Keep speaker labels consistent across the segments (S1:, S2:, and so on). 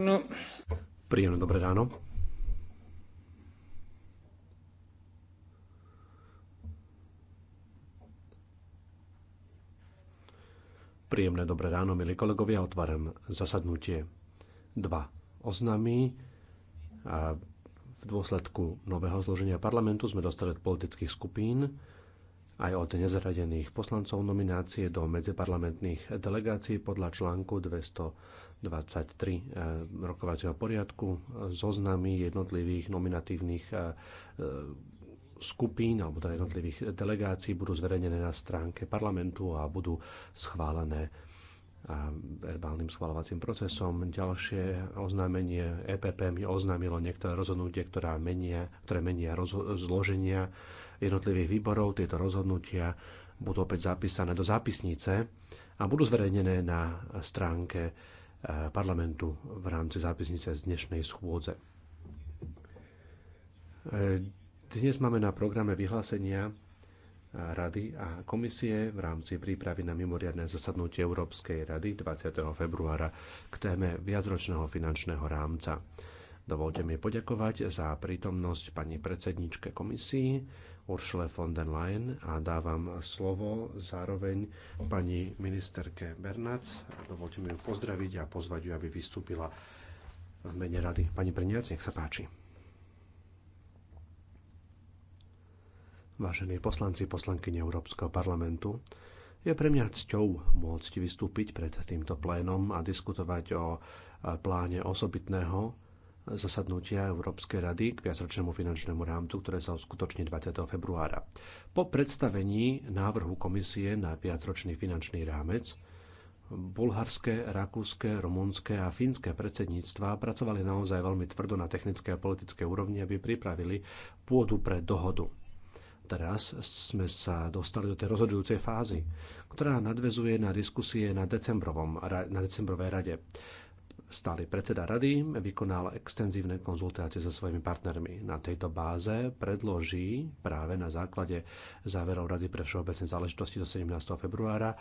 S1: No.
S2: Príjemné dobré ráno. Príjemné dobré ráno, milí kolegovia. Otváram zasadnutie dva oznámy. A v dôsledku nového zloženia parlamentu sme dostali od politických skupín aj od nezradených poslancov nominácie do medziparlamentných delegácií podľa článku 200 23 eh, rokovacieho poriadku zoznamy jednotlivých nominatívnych eh, eh, skupín alebo teda jednotlivých delegácií budú zverejnené na stránke parlamentu a budú schválené a verbálnym schvalovacím procesom. Ďalšie oznámenie EPP mi oznámilo niektoré rozhodnutie, ktorá menia, ktoré menia rozho- zloženia jednotlivých výborov. Tieto rozhodnutia budú opäť zapísané do zápisnice a budú zverejnené na stránke Eh, parlamentu v rámci zápisnice z dnešnej schôdze. Eh, dnes máme na programe vyhlásenia eh, Rady a komisie v rámci prípravy na mimoriadne zasadnutie Európskej rady 20. februára k téme viacročného finančného rámca. Dovolte mi poďakovať za prítomnosť pani predsedničke komisii, Uršle von der Leyen a dávam slovo zároveň pani ministerke Bernac. Dovolte mi ju pozdraviť a pozvať ju, aby vystúpila v mene rady. Pani Brniac, nech sa páči. Vážení poslanci, poslankyne Európskeho parlamentu, je pre mňa cťou môcť vystúpiť pred týmto plénom a diskutovať o pláne osobitného zasadnutia Európskej rady k viacročnému finančnému rámcu, ktoré sa uskutoční 20. februára. Po predstavení návrhu komisie na viacročný finančný rámec bulharské, rakúske, rumunské a fínske predsedníctva pracovali naozaj veľmi tvrdo na technické a politické úrovni, aby pripravili pôdu pre dohodu. Teraz sme sa dostali do tej rozhodujúcej fázy, ktorá nadvezuje na diskusie na, decembrovom, na decembrovej rade. Stály predseda rady vykonal extenzívne konzultácie so svojimi partnermi. Na tejto báze predloží práve na základe záverov Rady pre všeobecné záležitosti do 17. februára e,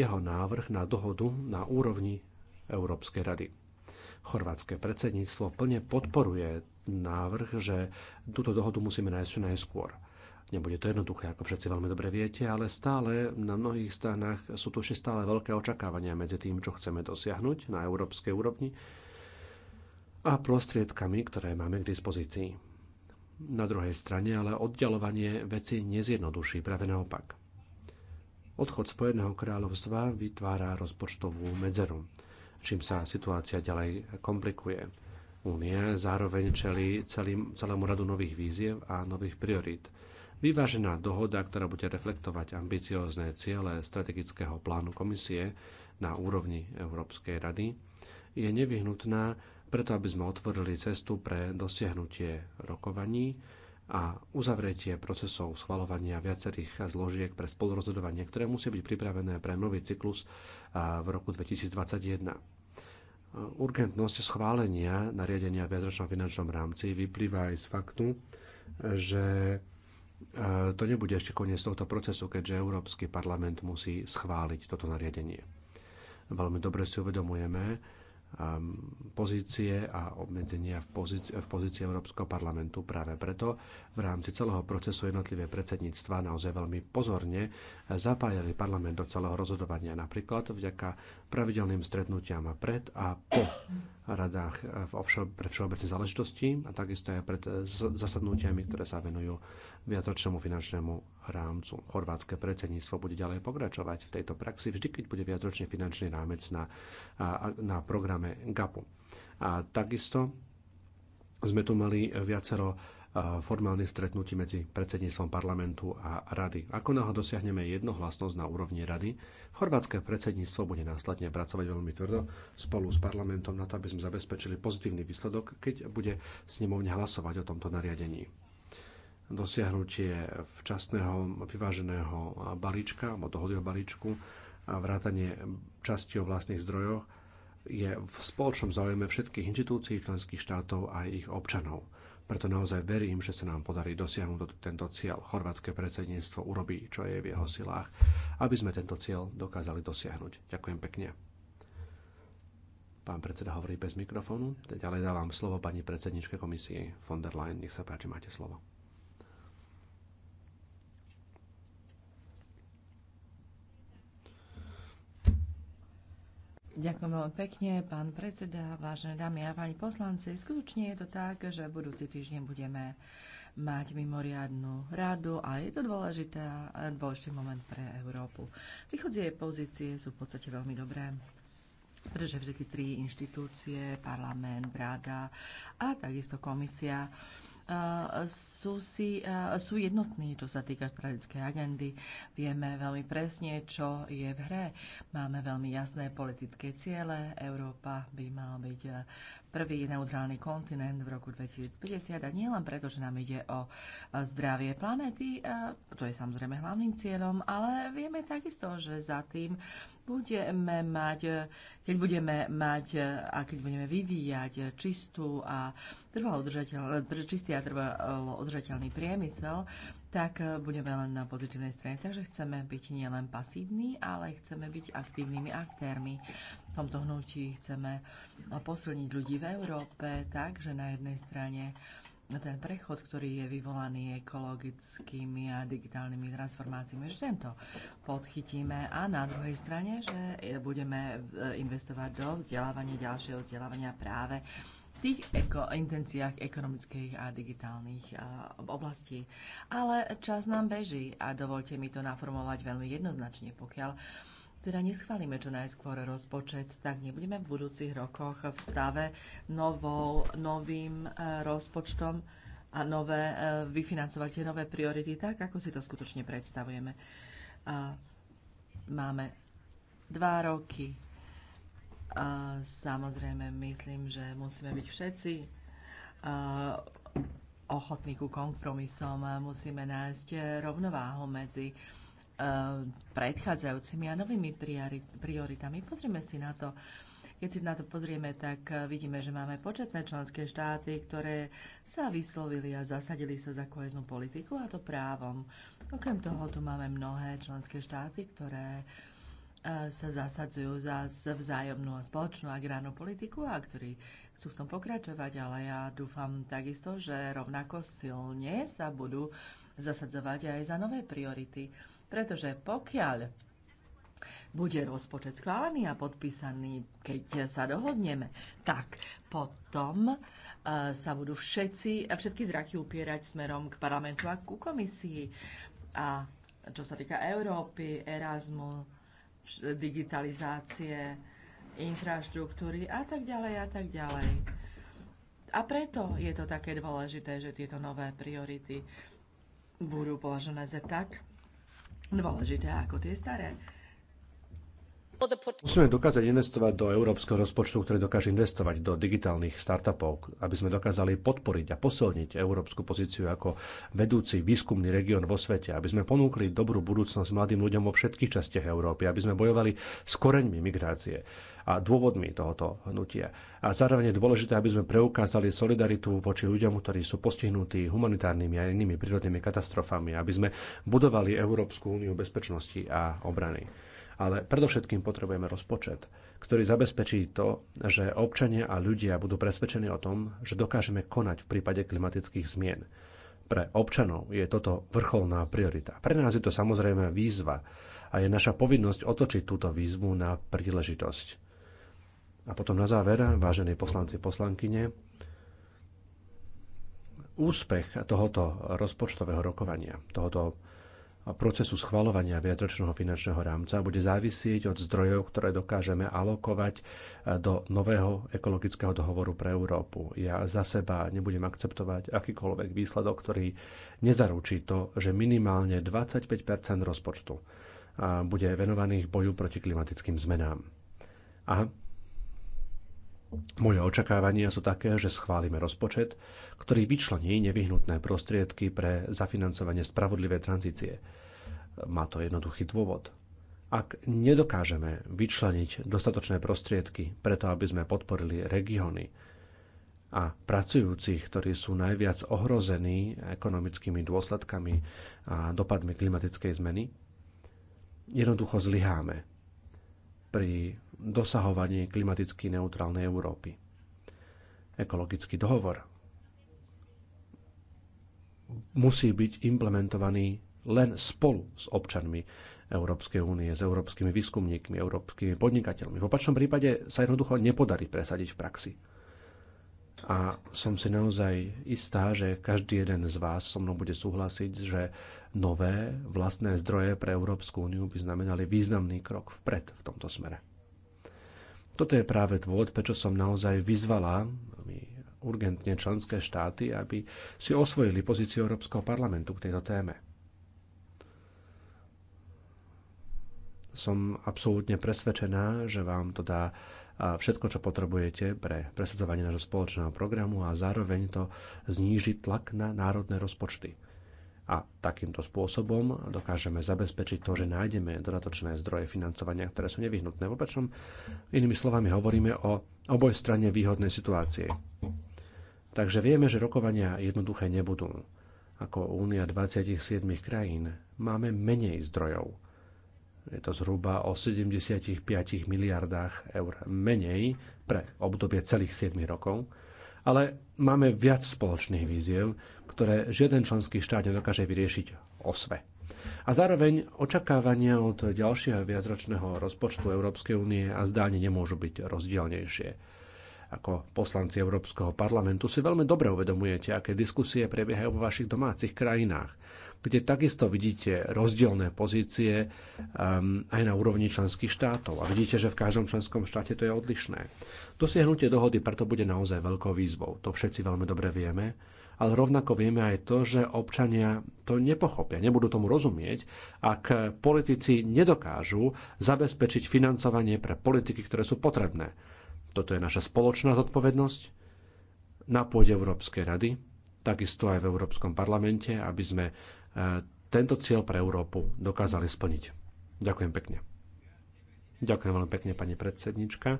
S2: jeho návrh na dohodu na úrovni Európskej rady. Chorvátske predsedníctvo plne podporuje návrh, že túto dohodu musíme nájsť čo najskôr. Nebude to jednoduché, ako všetci veľmi dobre viete, ale stále na mnohých stranách sú tu ešte stále veľké očakávania medzi tým, čo chceme dosiahnuť na európskej úrovni a prostriedkami, ktoré máme k dispozícii. Na druhej strane ale oddialovanie veci nezjednoduší, práve naopak. Odchod Spojeného kráľovstva vytvára rozpočtovú medzeru, čím sa situácia ďalej komplikuje. Únia zároveň čelí celým, celému radu nových víziev a nových priorít – Vyvážená dohoda, ktorá bude reflektovať ambiciózne ciele strategického plánu komisie na úrovni Európskej rady, je nevyhnutná preto, aby sme otvorili cestu pre dosiahnutie rokovaní a uzavretie procesov schvalovania viacerých zložiek pre spolurozhodovanie, ktoré musia byť pripravené pre nový cyklus v roku 2021. Urgentnosť schválenia nariadenia v viacročnom finančnom rámci vyplýva aj z faktu, že E, to nebude ešte koniec tohto procesu, keďže Európsky parlament musí schváliť toto nariadenie. Veľmi dobre si uvedomujeme e, pozície a obmedzenia v pozícii, v pozícii Európskeho parlamentu. Práve preto v rámci celého procesu jednotlivé predsedníctva naozaj veľmi pozorne zapájali parlament do celého rozhodovania. Napríklad vďaka pravidelným stretnutiam pred a po radách eh, v pre všeobecné záležitosti a takisto aj pred eh, zasadnutiami, ktoré sa venujú viacročnému finančnému rámcu. Chorvátske predsedníctvo bude ďalej pokračovať v tejto praxi vždy, keď bude viacročný finančný rámec na, na programe GAPu. A takisto sme tu mali viacero formálne stretnutie medzi predsedníctvom parlamentu a rady. Ako náhle dosiahneme jednohlasnosť na úrovni rady, chorvátske predsedníctvo bude následne pracovať veľmi tvrdo spolu s parlamentom na to, aby sme zabezpečili pozitívny výsledok, keď bude snemovne hlasovať o tomto nariadení dosiahnutie včasného vyváženého balíčka alebo dohody o balíčku a vrátanie časti o vlastných zdrojoch je v spoločnom záujme všetkých inštitúcií, členských štátov a ich občanov. Preto naozaj verím, že sa nám podarí dosiahnuť tento cieľ. Chorvátske predsedníctvo urobí, čo je v jeho silách, aby sme tento cieľ dokázali dosiahnuť. Ďakujem pekne. Pán predseda hovorí bez mikrofónu. Ďalej dávam slovo pani predsedničke komisie von der Leyen. Nech sa páči, máte slovo.
S1: Ďakujem veľmi pekne, pán predseda, vážené dámy a páni poslanci. Skutočne je to tak, že budúci týždeň budeme mať mimoriadnú radu a je to dôležitá dôležitý moment pre Európu. Východzie pozície sú v podstate veľmi dobré pretože všetky tri inštitúcie, parlament, rada a takisto komisia sú, si, eh, sú jednotní, čo sa týka strategickej agendy. Vieme veľmi presne, čo je v hre. Máme veľmi jasné politické ciele. Európa by mala byť eh, prvý neutrálny kontinent v roku 2050 a nielen preto, že nám ide o eh, zdravie planéty, to je samozrejme hlavným cieľom, ale vieme takisto, že za tým budeme mať, keď budeme mať a keď budeme vyvíjať čistú a trvalo čistý a trvalo udržateľný priemysel, tak budeme len na pozitívnej strane. Takže chceme byť nielen pasívni, ale chceme byť aktívnymi aktérmi. V tomto hnutí chceme posilniť ľudí v Európe tak, že na jednej strane uh, ten prechod, ktorý je vyvolaný ekologickými a digitálnymi transformáciami, že tento podchytíme a na druhej strane, že e, budeme e, investovať do vzdelávania, ďalšieho vzdelávania práve v tých eko, intenciách ekonomických a digitálnych a, e, oblastí. Ale čas nám beží a dovolte mi to naformovať veľmi jednoznačne, pokiaľ teda neschválime čo najskôr rozpočet, tak nebudeme v budúcich rokoch v stave novou, novým e, rozpočtom a nové, e, vyfinancovať tie nové priority tak, ako si to skutočne predstavujeme. A máme dva roky. A samozrejme, myslím, že musíme byť všetci e, ochotní ku kompromisom. Musíme nájsť rovnováhu medzi Eh, predchádzajúcimi a novými prioritami. Pozrieme si na to. Keď si na to pozrieme, tak eh, vidíme, že máme početné členské štáty, ktoré sa vyslovili a zasadili sa za koheznú politiku a to právom. Okrem toho tu máme mnohé členské štáty, ktoré eh, sa zasadzujú za vzájomnú a spoločnú agrárnu politiku a ktorí chcú v tom pokračovať, ale ja dúfam takisto, že rovnako silne sa budú zasadzovať aj za nové priority. Pretože pokiaľ bude rozpočet schválený a podpísaný, keď sa dohodneme, tak potom e, sa budú všetci, e, všetky zraky upierať smerom k parlamentu a ku komisii. A čo sa týka Európy, Erasmu, digitalizácie, infraštruktúry a tak ďalej a tak ďalej. A preto je to také dôležité, že tieto nové priority budú považované za tak dôležité ako tie staré.
S2: Musíme dokázať investovať do európskeho rozpočtu, ktorý dokáže investovať do digitálnych startupov, aby sme dokázali podporiť a posilniť európsku pozíciu ako vedúci výskumný región vo svete, aby sme ponúkli dobrú budúcnosť mladým ľuďom vo všetkých častiach Európy, aby sme bojovali s koreňmi migrácie, a dôvodmi tohoto hnutia. A zároveň je dôležité, aby sme preukázali solidaritu voči ľuďom, ktorí sú postihnutí humanitárnymi a inými prírodnými katastrofami, aby sme budovali Európsku úniu bezpečnosti a obrany. Ale predovšetkým potrebujeme rozpočet, ktorý zabezpečí to, že občania a ľudia budú presvedčení o tom, že dokážeme konať v prípade klimatických zmien. Pre občanov je toto vrcholná priorita. Pre nás je to samozrejme výzva a je naša povinnosť otočiť túto výzvu na príležitosť. A potom na záver, vážení poslanci, poslankyne, úspech tohoto rozpočtového rokovania, tohoto procesu schvalovania viacročného finančného rámca bude závisieť od zdrojov, ktoré dokážeme alokovať e, do nového ekologického dohovoru pre Európu. Ja za seba nebudem akceptovať akýkoľvek výsledok, ktorý nezaručí to, že minimálne 25 rozpočtu bude venovaných boju proti klimatickým zmenám. A moje očakávania sú také, že schválime rozpočet, ktorý vyčlení nevyhnutné prostriedky pre zafinancovanie spravodlivej tranzície. Má to jednoduchý dôvod. Ak nedokážeme vyčleniť dostatočné prostriedky preto, aby sme podporili regióny a pracujúcich, ktorí sú najviac ohrození ekonomickými dôsledkami a dopadmi klimatickej zmeny, jednoducho zlyháme pri dosahovanie klimaticky neutrálnej Európy. Ekologický dohovor musí byť implementovaný len spolu s občanmi Európskej únie, s európskymi výskumníkmi, európskymi podnikateľmi. V opačnom prípade sa jednoducho nepodarí presadiť v praxi. A som si naozaj istá, že každý jeden z vás so mnou bude súhlasiť, že nové vlastné zdroje pre Európsku úniu by znamenali významný krok vpred v tomto smere. Toto je práve dôvod, prečo som naozaj vyzvala urgentne členské štáty, aby si osvojili pozíciu Európskeho parlamentu k tejto téme. Som absolútne presvedčená, že vám to dá všetko, čo potrebujete pre presadzovanie nášho spoločného programu a zároveň to zníži tlak na národné rozpočty. A takýmto spôsobom dokážeme zabezpečiť to, že nájdeme dodatočné zdroje financovania, ktoré sú nevyhnutné. V opačnom, inými slovami, hovoríme o oboj strane výhodnej situácie. Takže vieme, že rokovania jednoduché nebudú. Ako Únia 27 krajín máme menej zdrojov. Je to zhruba o 75 miliardách eur menej pre obdobie celých 7 rokov, ale máme viac spoločných víziev, ktoré žiaden členský štát nedokáže vyriešiť osve. A zároveň očakávania od ďalšieho viacročného rozpočtu Európskej únie a zdáne nemôžu byť rozdielnejšie. Ako poslanci Európskeho parlamentu si veľmi dobre uvedomujete, aké diskusie prebiehajú vo vašich domácich krajinách, kde takisto vidíte rozdielne pozície um, aj na úrovni členských štátov. A vidíte, že v každom členskom štáte to je odlišné. Dosiahnutie dohody preto bude naozaj veľkou výzvou, to všetci veľmi dobre vieme, ale rovnako vieme aj to, že občania to nepochopia, nebudú tomu rozumieť, ak politici nedokážu zabezpečiť financovanie pre politiky, ktoré sú potrebné. Toto je naša spoločná zodpovednosť na pôde Európskej rady, takisto aj v Európskom parlamente, aby sme e, tento cieľ pre Európu dokázali splniť. Ďakujem pekne. Ďakujem veľmi pekne, pani predsednička.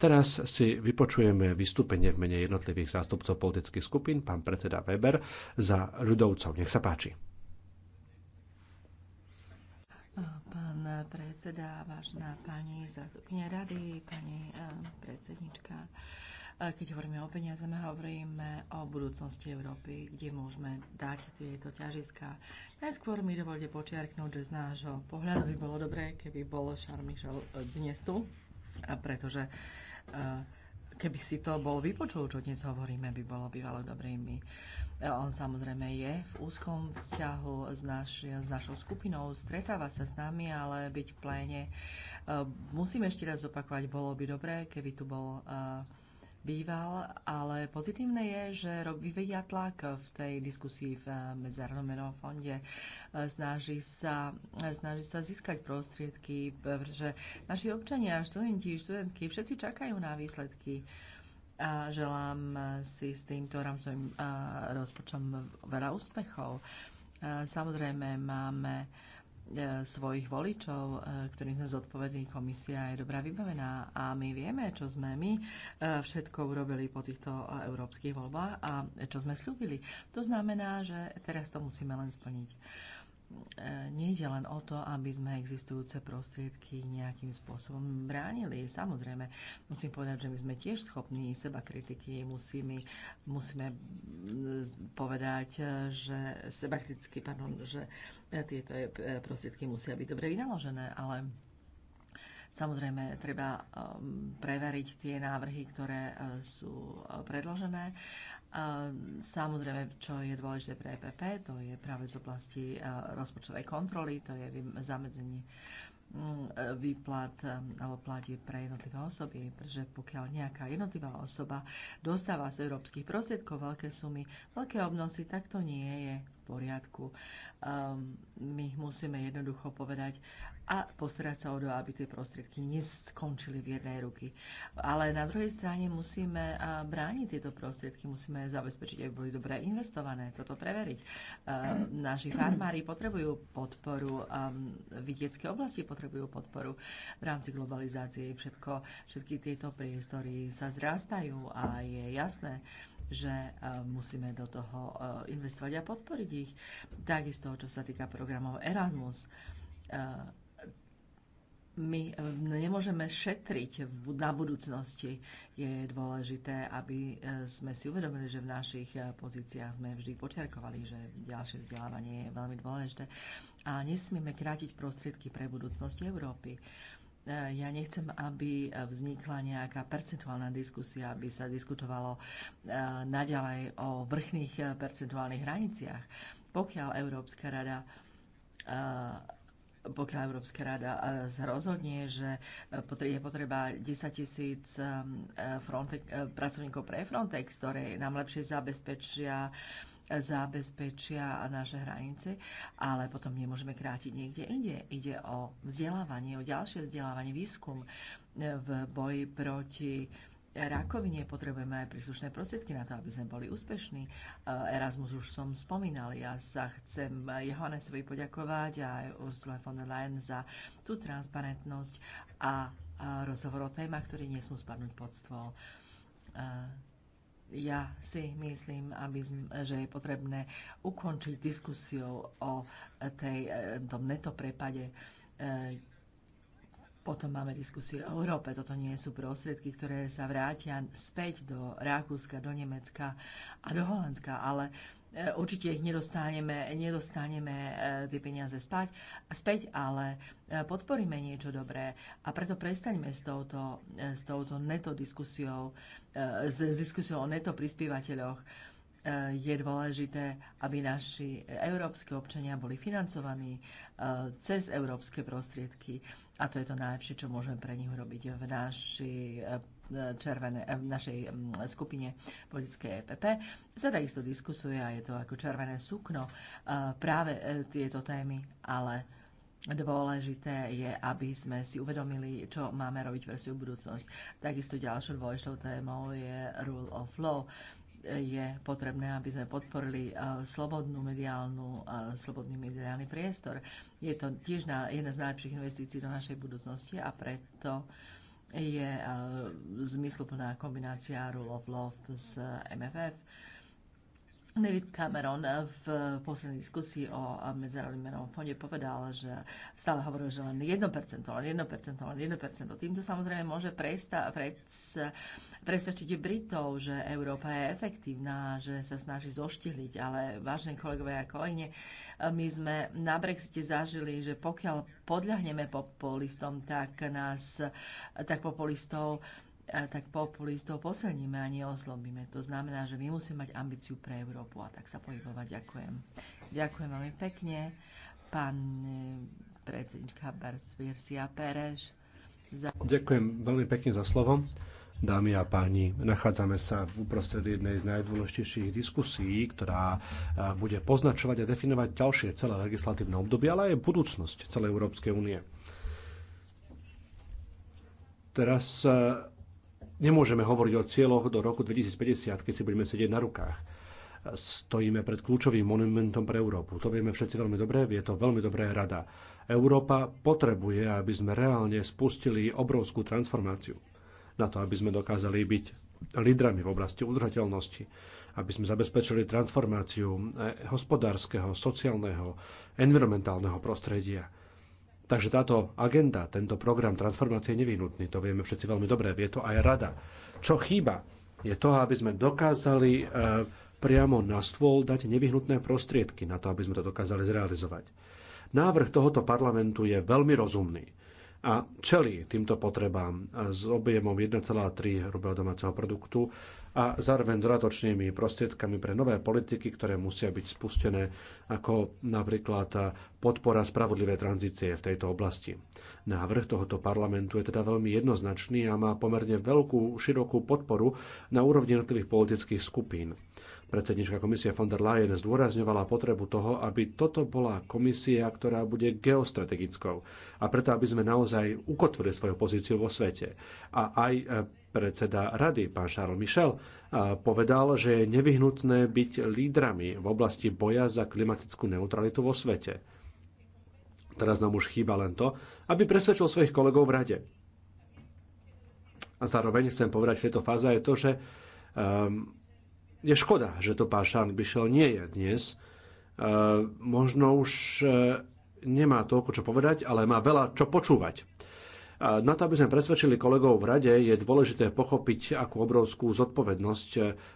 S2: Teraz si vypočujeme vystúpenie v mene jednotlivých zástupcov politických skupín, pán predseda Weber, za ľudovcov. Nech sa páči.
S1: Pán predseda, vážna pani zástupkynia rady, pani eh, predsednička, eh, keď hovoríme o peniaze, hovoríme o budúcnosti Európy, kde môžeme dať tieto ťažiska. Najskôr mi dovolte počiarknúť, že z nášho pohľadu by bolo dobré, keby bol Charles Michel eh, dnes tu, pretože Eh, keby si to bol vypočul, čo dnes hovoríme, by bolo bývalo dobrými. Eh, on samozrejme je v úzkom vzťahu s, naš, s našou skupinou, stretáva sa s nami, ale byť v pléne. Eh, musím ešte raz opakovať, bolo by dobré, keby tu bol uh, býval, ale pozitívne je, že vyvedia tlak v tej diskusii v eh, Medzárodnom menovom fonde. Eh, snaží sa, eh, snaží sa získať prostriedky, pretože naši občania, študenti, študentky, všetci čakajú na výsledky. A želám si s týmto rámcovým rozpočtom veľa úspechov. Samozrejme, máme E, svojich voličov, e, ktorým sme zodpovední, komisia je dobrá vybavená a my vieme, čo sme my e, všetko urobili po týchto európskych voľbách a čo sme slúbili. To znamená, že teraz to musíme len splniť. E, nejde len o to, aby sme existujúce prostriedky nejakým spôsobom bránili. Samozrejme, musím povedať, že my sme tiež schopní seba kritiky, musíme, musíme mm, povedať, e, že seba kriticky, pardon, že e, tieto prostriedky musia byť dobre vynaložené, ale Samozrejme, treba preveriť tie návrhy, ktoré sú predložené Ehm, samozrejme, čo je dôležité pre EPP, to je práve z oblasti e, rozpočtovej kontroly, to je zamedzenie mm, e, výplat e, alebo platie pre jednotlivé osoby, pretože pokiaľ nejaká jednotlivá osoba dostáva z európskych prostriedkov veľké sumy, veľké obnosy, tak to nie je poriadku. Um, my ich musíme jednoducho povedať a postarať sa o to, aby tie prostriedky neskončili v jednej ruky. Ale na druhej strane musíme brániť tieto prostriedky, musíme zabezpečiť, aby boli dobre investované, toto preveriť. Um, naši farmári potrebujú podporu, um, vidiecké oblasti potrebujú podporu. V rámci globalizácie všetko, všetky tieto priestory sa zrastajú a je jasné, že e, musíme do toho e, investovať a podporiť ich. Takisto, čo sa týka programov Erasmus, e, my nemôžeme šetriť na budúcnosti. Je dôležité, aby sme si uvedomili, že v našich pozíciách sme vždy počiarkovali, že ďalšie vzdelávanie je veľmi dôležité a nesmieme krátiť prostriedky pre budúcnosť Európy. Uh, ja nechcem, aby vznikla nejaká percentuálna diskusia, aby sa diskutovalo e, naďalej o vrchných e, percentuálnych hraniciach. Pokiaľ Európska rada e, pokiaľ Európska rada sa rozhodne, že je potreba 10 tisíc pracovníkov pre Frontex, ktoré nám lepšie zabezpečia zabezpečia naše hranice, ale potom nemôžeme krátiť niekde inde. Ide o vzdelávanie, o ďalšie vzdelávanie, výskum e, v boji proti rakovine potrebujeme aj príslušné prostriedky na to, aby sme boli úspešní. E, Erasmus už som spomínal, ja sa chcem Johannesovi poďakovať a aj Ursula von der Leyen za tú transparentnosť a rozhovor o témach, ktorý nesmú spadnúť pod stôl. E, ja si myslím, aby, že je potrebné ukončiť diskusiou o tej, e, tom netoprepade. E, potom máme diskusie o Európe. Toto nie sú prostriedky, ktoré sa vrátia späť do Rakúska, do Nemecka a do Holandska, ale E, určite ich nedostaneme, nedostaneme e, tie peniaze spať, späť, ale e, podporíme niečo dobré. A preto prestaňme s touto, s touto neto diskusiou, s diskusiou o neto prispievateľoch. Je dôležité, aby naši európske občania boli financovaní cez európske prostriedky. A to je to najlepšie, čo môžeme pre nich robiť v našich červené, eh, v našej mm, skupine politické EPP. Sa takisto diskusuje a je to ako červené sukno eh, práve eh, tieto témy, ale Dôležité je, aby sme si uvedomili, čo máme robiť pre svoju budúcnosť. Takisto ďalšou dôležitou témou je rule of law. Je potrebné, aby sme podporili slobodnú mediálnu, slobodný mediálny priestor. Je to tiež jedna z najlepších investícií do našej budúcnosti a preto uh, je eh, zmysluplná kombinácia rule of law s MFF David Cameron v poslednej diskusii o Medzinárodnom menovom fonde povedal, že stále hovorí, že len 1%, len 1%, len 1%. Týmto samozrejme môže presta, pres, presvedčiť Britov, že Európa je efektívna, že sa snaží zoštihliť, ale vážne kolegovia a kolegyne, my sme na Brexite zažili, že pokiaľ podľahneme populistom, tak nás, tak populistov Eh, tak populistov posilníme a neoslobíme. To znamená, že my musíme mať ambíciu pre Európu a tak sa pohybovať. Ďakujem. Ďakujem veľmi pekne. Pán eh, predsednička Barcvirsia Pereš. Za...
S2: Ďakujem veľmi pekne za slovo. Dámy a páni, nachádzame sa v uprostred jednej z najdôležitejších diskusí, ktorá eh, bude poznačovať a definovať ďalšie celé legislatívne obdobie, ale aj budúcnosť celej Európskej únie. Teraz Nemôžeme hovoriť o cieľoch do roku 2050, keď si budeme sedieť na rukách. Stojíme pred kľúčovým monumentom pre Európu. To vieme všetci veľmi dobre, je to veľmi dobrá rada. Európa potrebuje, aby sme reálne spustili obrovskú transformáciu na to, aby sme dokázali byť lídrami v oblasti udržateľnosti, aby sme zabezpečili transformáciu eh, hospodárskeho, sociálneho, environmentálneho prostredia Takže táto agenda, tento program transformácie je nevyhnutný, to vieme všetci veľmi dobre, vie to aj rada. Čo chýba, je to, aby sme dokázali e, priamo na stôl dať nevyhnutné prostriedky na to, aby sme to dokázali zrealizovať. Návrh tohoto parlamentu je veľmi rozumný a čeli týmto potrebám s objemom 1,3 hrubého domáceho produktu a zároveň dodatočnými prostriedkami pre nové politiky, ktoré musia byť spustené, ako napríklad podpora spravodlivej tranzície v tejto oblasti. Návrh tohoto parlamentu je teda veľmi jednoznačný a má pomerne veľkú, širokú podporu na úrovni jednotlivých politických skupín. Predsednička komisie von der Leyen zdôrazňovala potrebu toho, aby toto bola komisia, ktorá bude geostrategickou a preto, aby sme naozaj ukotvili svoju pozíciu vo svete. A aj e, predseda rady, pán Charles Michel, e, povedal, že je nevyhnutné byť lídrami v oblasti boja za klimatickú neutralitu vo svete. Teraz nám už chýba len to, aby presvedčil svojich kolegov v rade. A zároveň chcem povedať v tejto fáze je to, že um, je škoda, že to pán Charles nie je dnes. E, možno už e, nemá toľko čo povedať, ale má veľa čo počúvať. E, na to, aby sme presvedčili kolegov v rade, je dôležité pochopiť, akú obrovskú zodpovednosť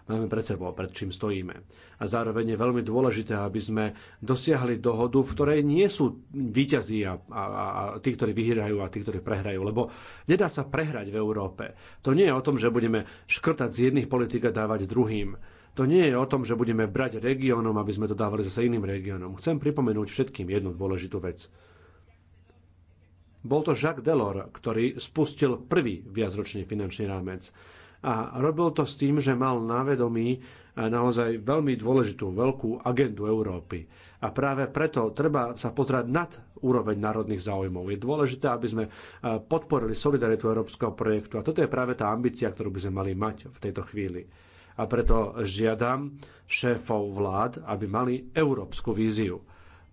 S2: máme pred sebou, pred čím stojíme. A zároveň je veľmi dôležité, aby sme dosiahli dohodu, v ktorej nie sú výťazí a, a, a tí, ktorí vyhrajú a tí, ktorí prehrajú. Lebo nedá sa prehrať v Európe. To nie je o tom, že budeme škrtať z jedných politik a dávať druhým to nie je o tom, že budeme brať regiónom, aby sme dodávali zase iným regiónom. Chcem pripomenúť všetkým jednu dôležitú vec. Bol to Jacques Delors, ktorý spustil prvý viacročný finančný rámec. A robil to s tým, že mal na vedomí e, naozaj veľmi dôležitú, veľkú agendu Európy. A práve preto treba sa pozerať nad úroveň národných záujmov. Je dôležité, aby sme e, podporili solidaritu európskeho projektu. A toto je práve tá ambícia, ktorú by sme mali mať v tejto chvíli. A preto žiadam šéfov vlád, aby mali európsku víziu.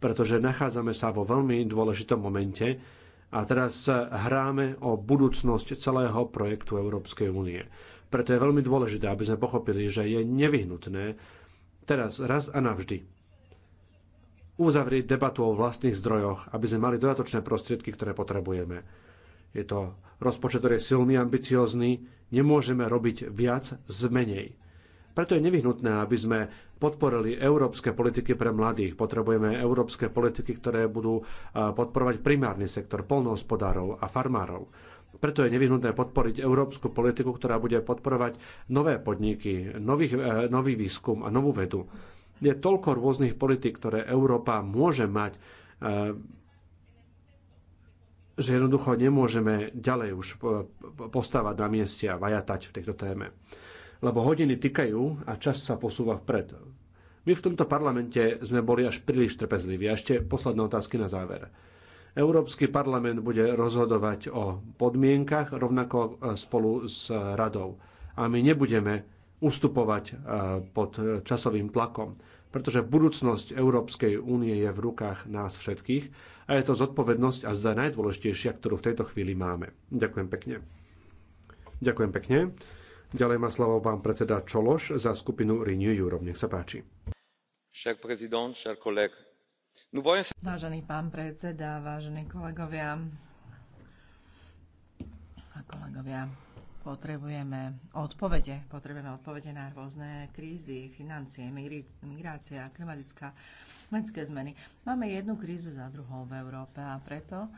S2: Pretože nachádzame sa vo veľmi dôležitom momente a teraz hráme o budúcnosť celého projektu Európskej únie. Preto je veľmi dôležité, aby sme pochopili, že je nevyhnutné teraz raz a navždy uzavrieť debatu o vlastných zdrojoch, aby sme mali dodatočné prostriedky, ktoré potrebujeme. Je to rozpočet, ktorý je silný, ambiciózny, nemôžeme robiť viac z menej. Preto je nevyhnutné, aby sme podporili európske politiky pre mladých. Potrebujeme európske politiky, ktoré budú podporovať primárny sektor polnohospodárov a farmárov. Preto je nevyhnutné podporiť európsku politiku, ktorá bude podporovať nové podniky, nový, e, nový výskum a novú vedu. Je toľko rôznych politik, ktoré Európa môže mať, e, že jednoducho nemôžeme ďalej už e, postávať na mieste a vajatať v tejto téme lebo hodiny tikajú a čas sa posúva vpred. My v tomto parlamente sme boli až príliš trpezliví. A ešte posledné otázky na záver. Európsky parlament bude rozhodovať o podmienkach rovnako e, spolu s radou. A my nebudeme ustupovať e, pod časovým tlakom, pretože budúcnosť Európskej únie je v rukách nás všetkých a je to zodpovednosť a zda najdôležitejšia, ktorú v tejto chvíli máme. Ďakujem pekne. Ďakujem pekne. Ďalej má slovo pán predseda Čološ za skupinu Renew Europe. Nech sa páči.
S1: Vážený pán predseda, vážení kolegovia a kolegovia, potrebujeme odpovede. Potrebujeme odpovede na rôzne krízy, financie, migrácia, klimatická, klimatické zmeny. Máme jednu krízu za druhou v Európe a preto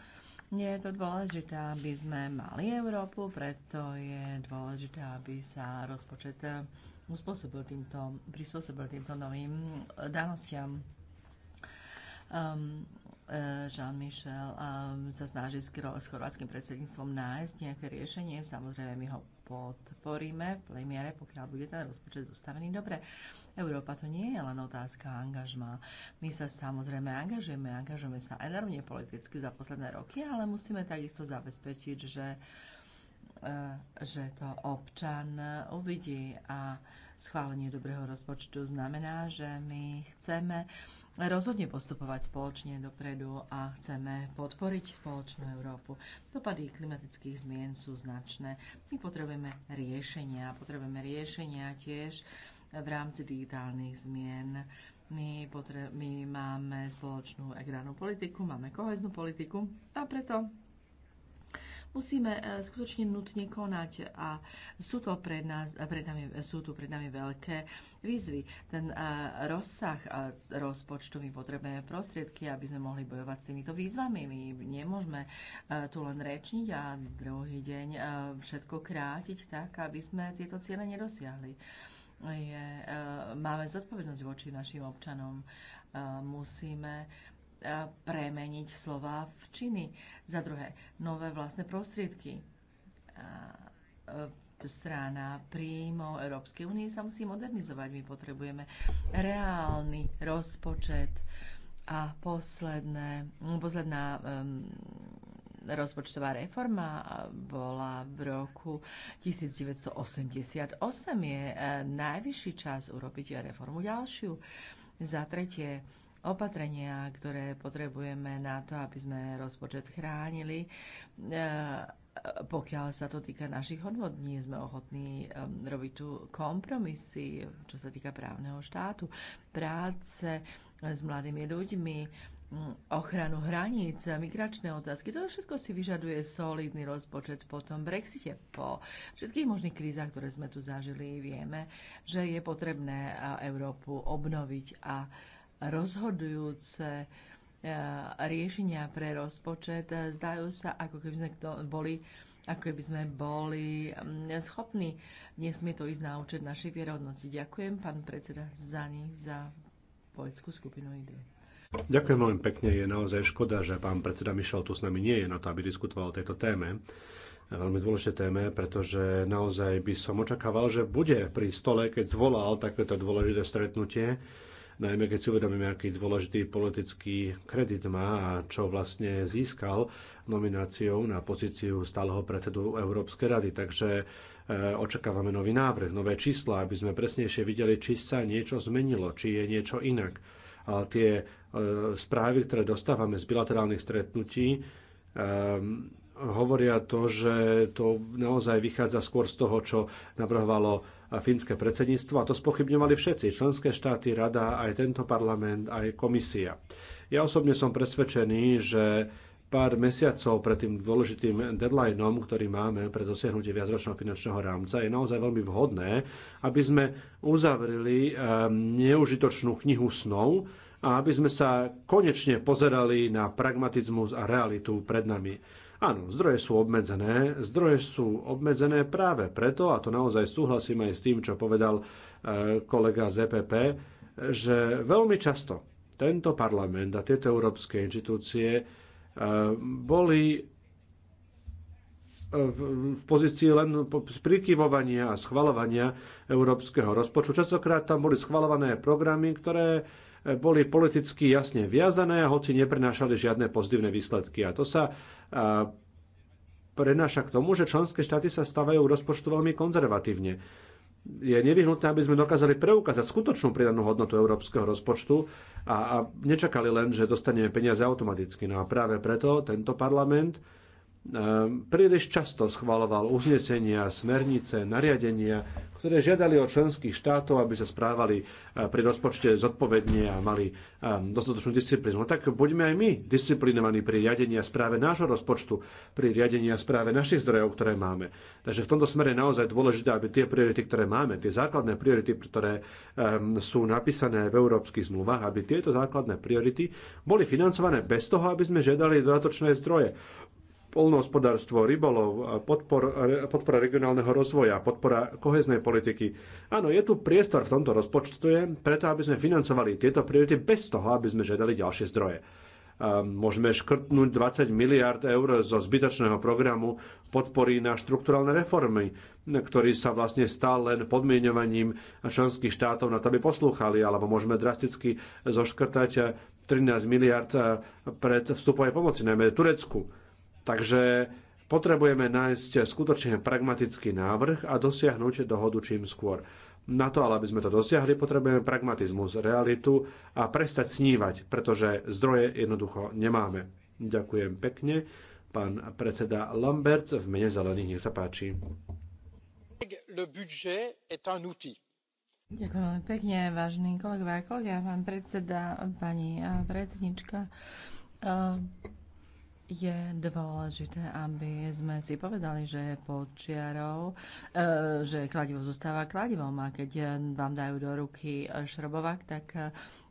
S1: nie je to dôležité, aby sme mali Európu, preto je dôležité, aby sa rozpočet eh, uspôsobil týmto, prispôsobil týmto novým eh, danostiam. Um, ehm, eh, Jean-Michel um, sa snaží s, s chorvátským predsedníctvom nájsť nejaké riešenie. Samozrejme, my ho podporíme v plnej miere, pokiaľ bude ten rozpočet zostavený dobre. Európa to nie je len otázka angažma. My sa samozrejme angažujeme, angažujeme sa enormne politicky za posledné roky, ale musíme takisto zabezpečiť, že eh, že to občan uvidí a schválenie dobrého rozpočtu znamená, že my chceme rozhodne postupovať spoločne dopredu a chceme podporiť spoločnú Európu. Dopady klimatických zmien sú značné. My potrebujeme riešenia, potrebujeme riešenia tiež v rámci digitálnych zmien. My, potre- my máme spoločnú agrárnu politiku, máme koheznú politiku a preto musíme e, skutočne nutne konať a sú, to pred nás, pred nami, sú tu pred nami veľké výzvy. Ten e, rozsah e, rozpočtu, my potrebujeme prostriedky, aby sme mohli bojovať s týmito výzvami. My nemôžeme tu len rečniť a druhý deň všetko krátiť tak, aby sme tieto ciele nedosiahli je, eh, máme zodpovednosť voči našim občanom. Eh, musíme eh, premeniť slova v činy. Za druhé, nové vlastné prostriedky. Strana príjmov Európskej únie sa musí modernizovať. My potrebujeme reálny rozpočet a posledné, posledná um, rozpočtová reforma bola v roku 1988. Je e, najvyšší čas urobiť reformu ďalšiu. Za tretie, opatrenia, ktoré potrebujeme na to, aby sme rozpočet chránili. E, pokiaľ sa to týka našich hodnot, nie sme ochotní e, robiť tu kompromisy, čo sa týka právneho štátu, práce s mladými ľuďmi, Mm, ochranu hraníc, migračné otázky. To všetko si vyžaduje solidný rozpočet po tom Brexite. Po všetkých možných krízach, ktoré sme tu zažili, vieme, že je potrebné Európu obnoviť a rozhodujúce e, riešenia pre rozpočet e, zdajú sa, ako keby sme boli ako by sme boli mm, schopní. Nesmie to ísť na účet našej vierodnosti. Ďakujem, pán predseda Zani, za poľskú skupinu IDE.
S2: Ďakujem veľmi pekne. Je naozaj škoda, že pán predseda Mišel tu s nami nie je na to, aby diskutoval o tejto téme veľmi dôležité téme, pretože naozaj by som očakával, že bude pri stole, keď zvolal takéto dôležité stretnutie, najmä keď si uvedomíme, aký dôležitý politický kredit má a čo vlastne získal nomináciou na pozíciu stáleho predsedu Európskej rady. Takže e, očakávame nový návrh, nové čísla, aby sme presnejšie videli, či sa niečo zmenilo, či je niečo inak. Ale tie E, správy, ktoré dostávame z bilaterálnych stretnutí, e, hovoria to, že to naozaj vychádza skôr z toho, čo navrhovalo fínske predsedníctvo a to spochybňovali všetci, členské štáty, rada, aj tento parlament, aj komisia. Ja osobne som presvedčený, že pár mesiacov pred tým dôležitým deadlineom, ktorý máme pre dosiahnutie viacročného finančného rámca, je naozaj veľmi vhodné, aby sme uzavreli e, neužitočnú knihu snov, a aby sme sa konečne pozerali na pragmatizmus a realitu pred nami. Áno, zdroje sú obmedzené. Zdroje sú obmedzené práve preto, a to naozaj súhlasím aj s tým, čo povedal e, kolega z EPP, že veľmi často tento parlament a tieto európske inštitúcie e, boli e, v pozícii len prikyvovania a schvalovania európskeho rozpočtu. Častokrát tam boli schvalované programy, ktoré boli politicky jasne viazané, hoci neprenášali žiadne pozitívne výsledky. A to sa prenáša k tomu, že členské štáty sa stavajú v rozpočtu veľmi konzervatívne. Je nevyhnutné, aby sme dokázali preukázať skutočnú pridanú hodnotu európskeho rozpočtu a, a nečakali len, že dostaneme peniaze automaticky. No a práve preto tento parlament Ehm, príliš často schvaloval uznesenia, smernice, nariadenia, ktoré žiadali od členských štátov, aby sa správali eh, pri rozpočte zodpovedne a mali ehm, dostatočnú disciplínu. No tak buďme aj my disciplinovaní pri riadení a správe nášho rozpočtu, pri riadení a správe našich zdrojov, ktoré máme. Takže v tomto smere je naozaj dôležité, aby tie priority, ktoré máme, tie základné priority, ktoré ehm, sú napísané v európskych zmluvách, aby tieto základné priority boli financované bez toho, aby sme žiadali dodatočné zdroje polnohospodárstvo, rybolov, podpor, podpora regionálneho rozvoja, podpora koheznej politiky. Áno, je tu priestor v tomto rozpočtu, preto aby sme financovali tieto priority bez toho, aby sme žiadali ďalšie zdroje. Môžeme škrtnúť 20 miliard eur zo zbytočného programu podpory na štrukturálne reformy, ktorý sa vlastne stal len podmienovaním členských štátov na to, aby poslúchali, alebo môžeme drasticky zoškrtať 13 miliard pred vstupovej pomoci, najmä Turecku Takže potrebujeme nájsť skutočne pragmatický návrh a dosiahnuť dohodu čím skôr. Na to, ale aby sme to dosiahli, potrebujeme pragmatizmus, realitu a prestať snívať, pretože zdroje jednoducho nemáme. Ďakujem pekne. Pán predseda Lamberts v mene zelených, nech sa páči.
S1: Ďakujem veľmi pekne, vážení kolegovia a kolegovia, pán predseda, pani eh, predsednička. Eh, je dôležité, aby sme si povedali, že pod čiarou, e, že kladivo zostáva kladivom a keď vám dajú do ruky šrobovák, tak e,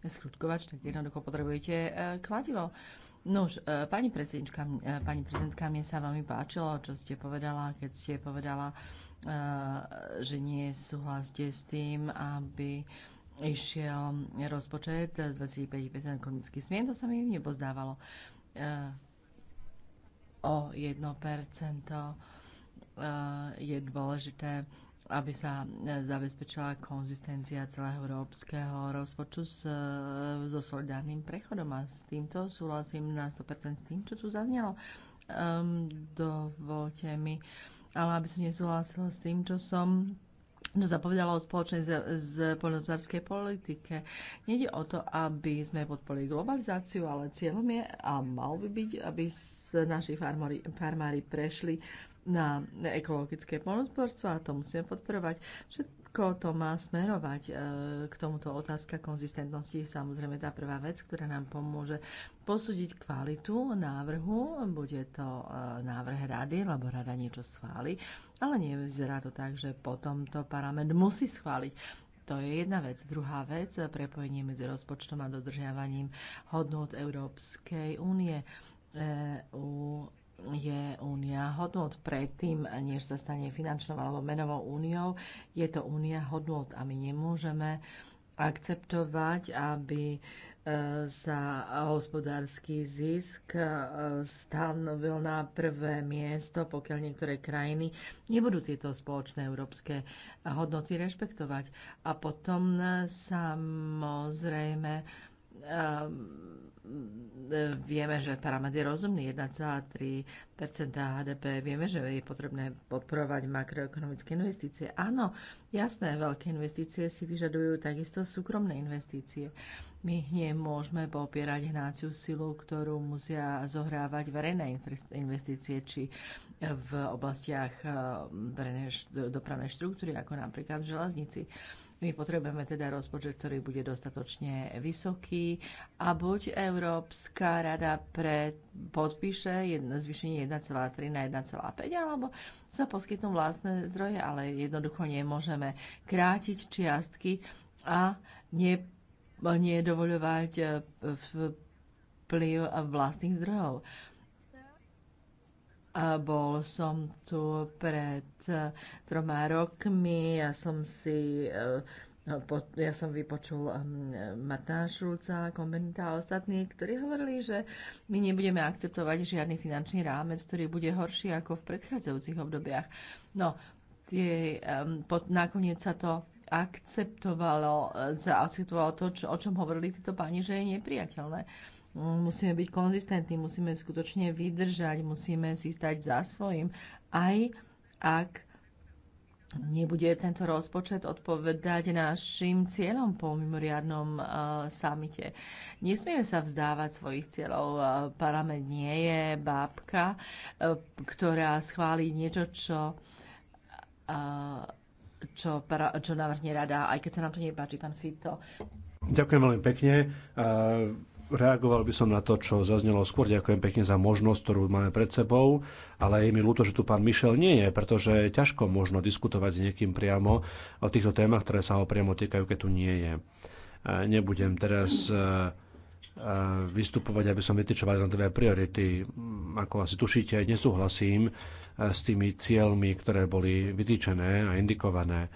S1: skrutkovač, tak jednoducho potrebujete e, kladivo. Nož, pani predsednička, pani prezidentka, mne sa veľmi páčilo, čo ste povedala, keď ste povedala, že nie súhlasíte s tým, aby išiel rozpočet z 25% ekonomických zmien. To sa mi nepozdávalo o 1 eh, je dôležité, aby sa eh, zabezpečila konzistencia celého európskeho rozpočtu s, eh, so solidárnym prechodom. A s týmto súhlasím na 100% s tým, čo tu zaznelo. Um, dovolte mi, ale aby som nesúhlasila s tým, čo som No, zapovedala o spoločnej z, poľnohospodárskej politike. Nejde o to, aby sme podporili globalizáciu, ale cieľom je a mal by byť, aby naši farmári, farmári prešli na ekologické poľnohospodárstvo a to musíme podporovať. Všetko to má smerovať e, k tomuto otázka konzistentnosti. Samozrejme tá prvá vec, ktorá nám pomôže posúdiť kvalitu návrhu, bude to e, návrh rady, lebo rada niečo schváli ale nevyzerá to tak, že potom to parlament musí schváliť. To je jedna vec. Druhá vec, prepojenie medzi rozpočtom a dodržiavaním hodnot Európskej únie. EU je únia hodnot. Predtým, než sa stane finančnou alebo menovou úniou, je to únia hodnot a my nemôžeme akceptovať, aby za hospodársky zisk e, stanovil na prvé miesto, pokiaľ niektoré krajiny nebudú tieto spoločné európske hodnoty rešpektovať. A potom e, samozrejme e, Mm, vieme, že parlament je rozumný, 1,3 HDP, vieme, že je potrebné podporovať makroekonomické investície. Áno, jasné, veľké investície si vyžadujú takisto súkromné investície. My nemôžeme popierať hnáciu silu, ktorú musia zohrávať verejné investície, či v oblastiach eh, verejnej dopravnej štruktúry, ako napríklad v železnici. My potrebujeme teda rozpočet, ktorý bude dostatočne vysoký a buď Európska rada pre podpíše jedno, zvýšenie 1,3 na 1,5 alebo sa poskytnú vlastné zdroje, ale jednoducho nemôžeme krátiť čiastky a ne, nedovoľovať eh, vplyv vlastných zdrojov. Bol som tu pred eh, troma rokmi, ja som si eh, ja som vypočul eh, Martina Šulca, Kombenta a ostatní, ktorí hovorili, že my nebudeme akceptovať žiadny finančný rámec, ktorý bude horší ako v predchádzajúcich obdobiach. No, tie, pod, nakoniec sa to akceptovalo, akceptovalo to, čo, o čom hovorili títo páni, že je nepriateľné musíme byť konzistentní, musíme skutočne vydržať, musíme si stať za svojim, aj ak nebude tento rozpočet odpovedať našim cieľom po mimoriadnom uh, samite. Nesmieme sa vzdávať svojich cieľov. Uh, parlament nie je bábka, uh, ktorá schválí niečo, čo, uh, čo, čo navrhne rada, aj keď sa nám to nepáči, pán Fito.
S2: Ďakujem veľmi pekne. Uh reagoval by som na to, čo zaznelo skôr. Ďakujem pekne za možnosť, ktorú máme pred sebou, ale je mi ľúto, že tu pán Mišel nie je, pretože ťažko možno diskutovať s niekým priamo o týchto témach, ktoré sa ho priamo týkajú, keď tu nie je. E, nebudem teraz e, e, vystupovať, aby som vytýčoval dve priority. Ako asi tušíte, nesúhlasím s tými cieľmi, ktoré boli vytýčené a indikované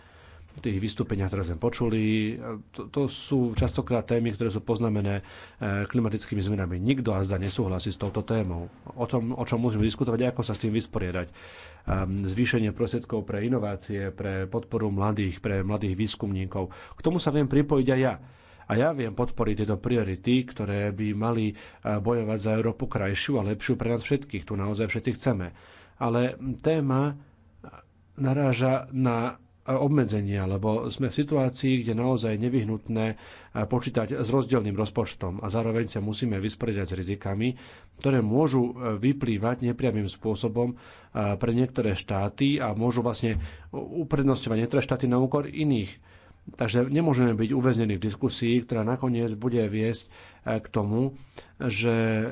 S2: tých vystúpeniach, ktoré sme počuli. To, to sú častokrát témy, ktoré sú poznamené e, klimatickými zmenami. Nikto a zda nesúhlasí s touto témou. O tom, o čom musíme diskutovať, ako sa s tým vysporiadať. Ehm, zvýšenie prostriedkov pre inovácie, pre podporu mladých, pre mladých výskumníkov. K tomu sa viem pripojiť aj ja. A ja viem podporiť tieto priority, ktoré by mali e, bojovať za Európu krajšiu a lepšiu pre nás všetkých. Tu naozaj všetci chceme. Ale téma naráža na obmedzenia, lebo sme v situácii, kde naozaj je nevyhnutné e, počítať s rozdielným rozpočtom a zároveň sa musíme vysporiadať s rizikami, ktoré môžu e, vyplývať nepriamým spôsobom e, pre niektoré štáty a môžu vlastne uprednostňovať niektoré štáty na úkor iných. Takže nemôžeme byť uväznení v diskusii, ktorá nakoniec bude viesť k tomu, že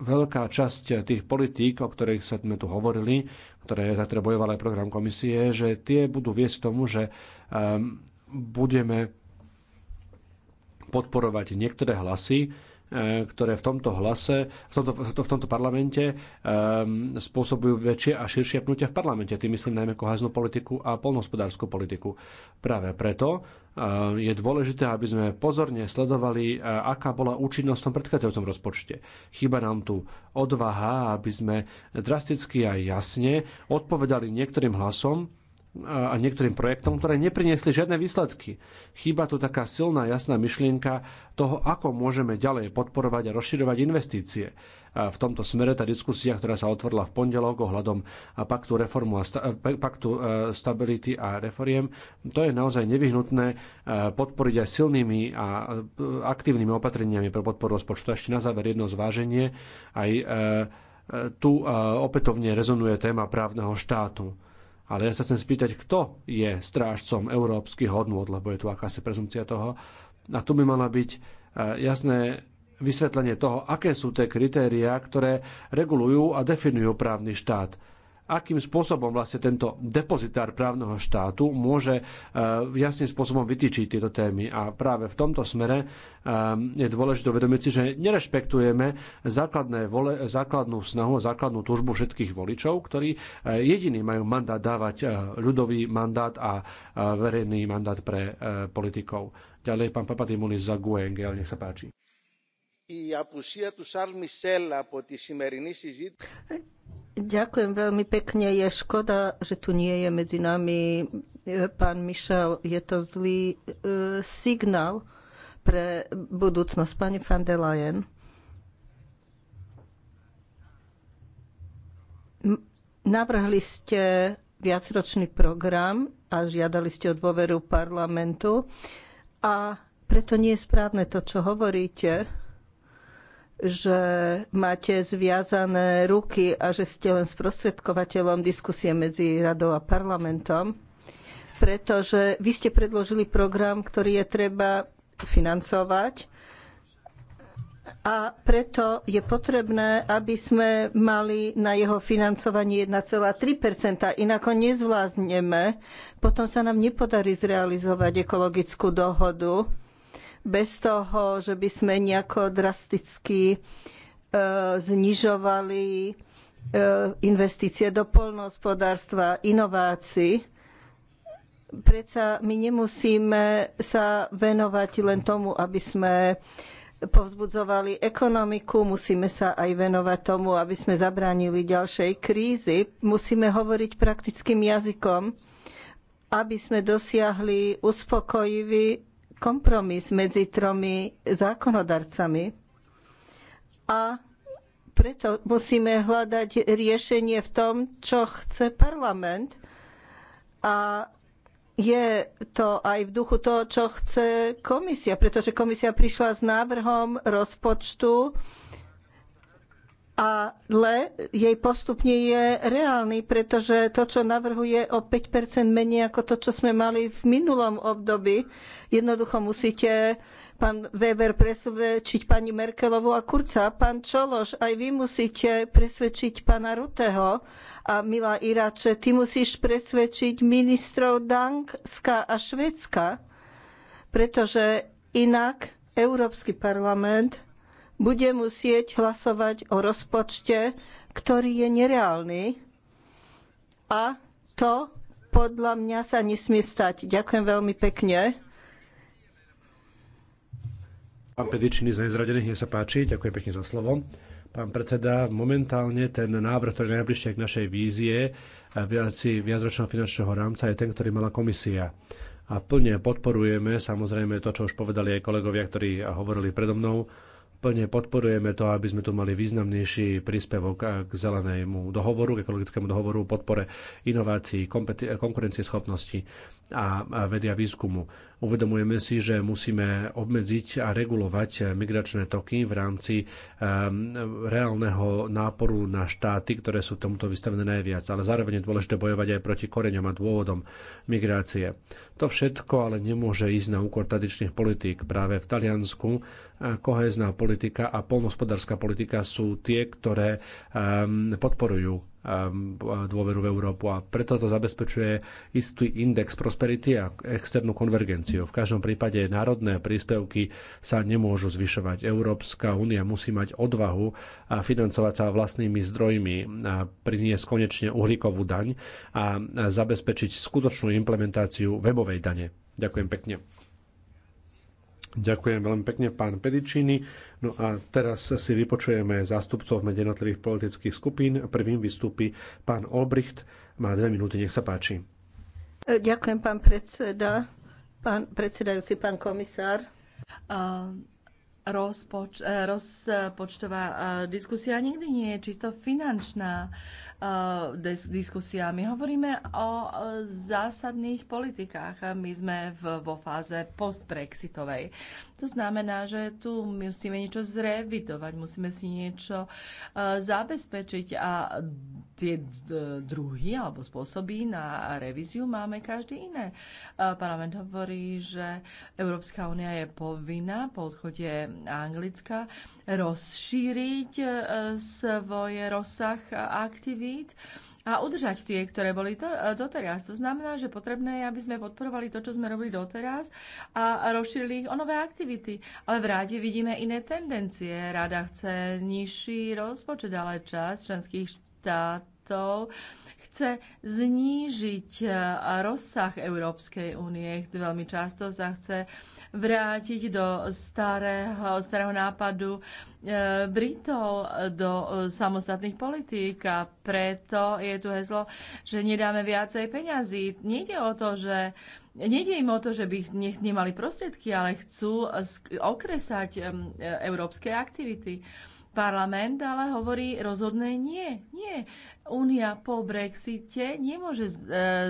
S2: veľká časť tých politík, o ktorých sa sme tu hovorili, ktoré za ktoré bojoval aj program komisie, že tie budú viesť k tomu, že ehm, budeme podporovať niektoré hlasy, Eh, ktoré v tomto hlase, v tomto, v tomto parlamente um, spôsobujú väčšie a širšie pnutia v parlamente. Tým myslím najmä koheznú politiku a polnohospodárskú politiku. Práve preto um, je dôležité, aby sme pozorne sledovali, uh, aká bola účinnosť v tom predchádzajúcom rozpočte. Chýba nám tu odvaha, aby sme drasticky a jasne odpovedali niektorým hlasom, a niektorým projektom, ktoré nepriniesli žiadne výsledky. Chýba tu taká silná, jasná myšlienka toho, ako môžeme ďalej podporovať a rozširovať investície. A v tomto smere tá diskusia, ktorá sa otvorila v pondelok ohľadom paktu, reformu a sta- paktu e, stability a reforiem, to je naozaj nevyhnutné e, podporiť aj silnými a e, aktívnymi opatreniami pre podporu rozpočtu. Ešte na záver jedno zváženie. Aj tu opätovne rezonuje téma právneho štátu ale ja sa chcem spýtať, kto je strážcom európskych hodnôt, lebo je tu akási prezumcia toho. A tu by mala byť eh, jasné vysvetlenie toho, aké sú tie kritériá, ktoré regulujú a definujú právny štát akým spôsobom vlastne tento depozitár právneho štátu môže e, jasným spôsobom vytýčiť tieto témy. A práve v tomto smere e, je dôležité uvedomiť si, že nerešpektujeme základné vole, základnú snahu, základnú túžbu všetkých voličov, ktorí e, jediní majú mandát dávať ľudový mandát a verejný mandát pre politikov. Ďalej pán Papadimulis za Guengel, nech sa páči. Η απουσία του Σαρλ Μισελ από τη σημερινή συζήτηση
S3: Ďakujem veľmi pekne. Je škoda, že tu nie je medzi nami e, pán Michel. Je to zlý e, signál pre budúcnosť. Pani van der Leyen. Navrhli ste viacročný program a žiadali ste o dôveru parlamentu a preto nie je správne to, čo hovoríte, že máte zviazané ruky a že ste len sprostredkovateľom diskusie medzi radou a parlamentom, pretože vy ste predložili program, ktorý je treba financovať a preto je potrebné, aby sme mali na jeho financovanie 1,3 inak ho nezvládneme. Potom sa nám nepodarí zrealizovať ekologickú dohodu bez toho, že by sme nejako drasticky e, znižovali e, investície do poľnohospodárstva, inovácií. Predsa my nemusíme sa venovať len tomu, aby sme povzbudzovali ekonomiku, musíme sa aj venovať tomu, aby sme zabránili ďalšej krízy. Musíme hovoriť praktickým jazykom, aby sme dosiahli uspokojivý kompromis medzi tromi zákonodarcami a preto musíme hľadať riešenie v tom, čo chce parlament a je to aj v duchu toho, čo chce komisia, pretože komisia prišla s návrhom rozpočtu, ale jej postupne je reálny, pretože to, čo navrhuje o 5% menej ako to, čo sme mali v minulom období, jednoducho musíte pán Weber presvedčiť pani Merkelovu a Kurca. Pán Čološ, aj vy musíte presvedčiť pána Ruteho a milá Irače, ty musíš presvedčiť ministrov Danska a Švédska, pretože inak Európsky parlament bude musieť hlasovať o rozpočte, ktorý je nereálny a to podľa mňa sa nesmie stať. Ďakujem veľmi pekne.
S2: Pán Pedičiny za nezradených, nech sa páči. Ďakujem pekne za slovo. Pán predseda, momentálne ten návrh, ktorý je najbližšie k našej vízie v viacročného finančného rámca je ten, ktorý mala komisia. A plne podporujeme samozrejme to, čo už povedali aj kolegovia, ktorí hovorili predo mnou, Plne podporujeme to, aby sme tu mali významnejší príspevok k zelenému dohovoru, k ekologickému dohovoru, podpore inovácií, konkurencieschopnosti a vedia výskumu. Uvedomujeme si, že musíme obmedziť a regulovať migračné toky v rámci reálneho náporu na štáty, ktoré sú tomuto vystavené najviac, ale zároveň je dôležité bojovať aj proti koreňom a dôvodom migrácie. To všetko ale nemôže ísť na úkor tradičných politík. Práve v Taliansku kohézná politika a polnospodárska politika sú tie, ktoré podporujú Um, dôveru v Európu a preto to zabezpečuje istý index prosperity a externú konvergenciu. V každom prípade národné príspevky sa nemôžu zvyšovať. Európska únia musí mať odvahu a financovať sa vlastnými zdrojmi, a priniesť konečne uhlíkovú daň a zabezpečiť skutočnú implementáciu webovej dane. Ďakujem pekne. Ďakujem veľmi pekne, pán Pedičiny. No a teraz si vypočujeme zástupcov med jednotlivých politických skupín. Prvým vystúpi pán Olbricht. Má dve minúty, nech sa páči.
S3: E, ďakujem, pán predseda, pán predsedajúci,
S1: pán komisár rozpoč- e, rozpočtová e, diskusia nikdy nie je čisto finančná e, diskusia. My hovoríme o zásadných politikách. My sme v, vo fáze postbrexitovej. To znamená, že tu musíme niečo zrevidovať, musíme si niečo zabezpečiť a tie druhy alebo spôsoby na revíziu máme každý iné. Parlament hovorí, že Európska únia je povinná po odchode anglická, rozšíriť e, svoje rozsah aktivít a udržať tie, ktoré boli to, e, doteraz. To znamená, že potrebné je, aby sme podporovali to, čo sme robili doteraz a rozšírili ich o nové aktivity. Ale v ráde vidíme iné tendencie. Rada chce nižší rozpočet, ale čas členských štátov chce znížiť e, rozsah Európskej únie. Veľmi často sa chce uh, vrátiť do starého, starého nápadu e, Britov do e, samostatných politík a preto je tu heslo, že nedáme viacej peňazí. Nejde o to, že Nejde im o to, že by nech nemali prostriedky, ale chcú okresať e, európske aktivity. Parlament ale hovorí rozhodné nie, nie. Únia po Brexite nemôže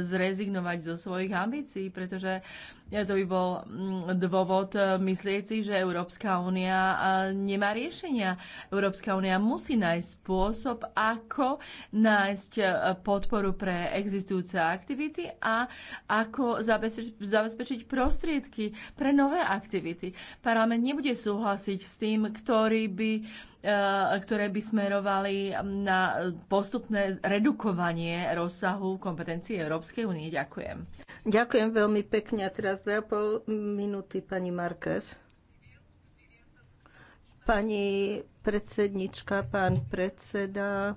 S1: zrezignovať zo svojich ambícií, pretože ja to by bol mm, dôvod eh, myslieť si, že Európska únia eh, nemá riešenia. Európska únia musí nájsť spôsob, ako nájsť eh, podporu pre existujúce aktivity a ako zabezpečiť prostriedky pre nové aktivity. Parlament nebude súhlasiť s tým, ktorý by Eh, ktoré by smerovali na postupné redukovanie rozsahu kompetencií Európskej únie. Ďakujem.
S3: Ďakujem veľmi pekne. A teraz 2,5 minúty pani Marquez. Pani predsednička, pán predseda,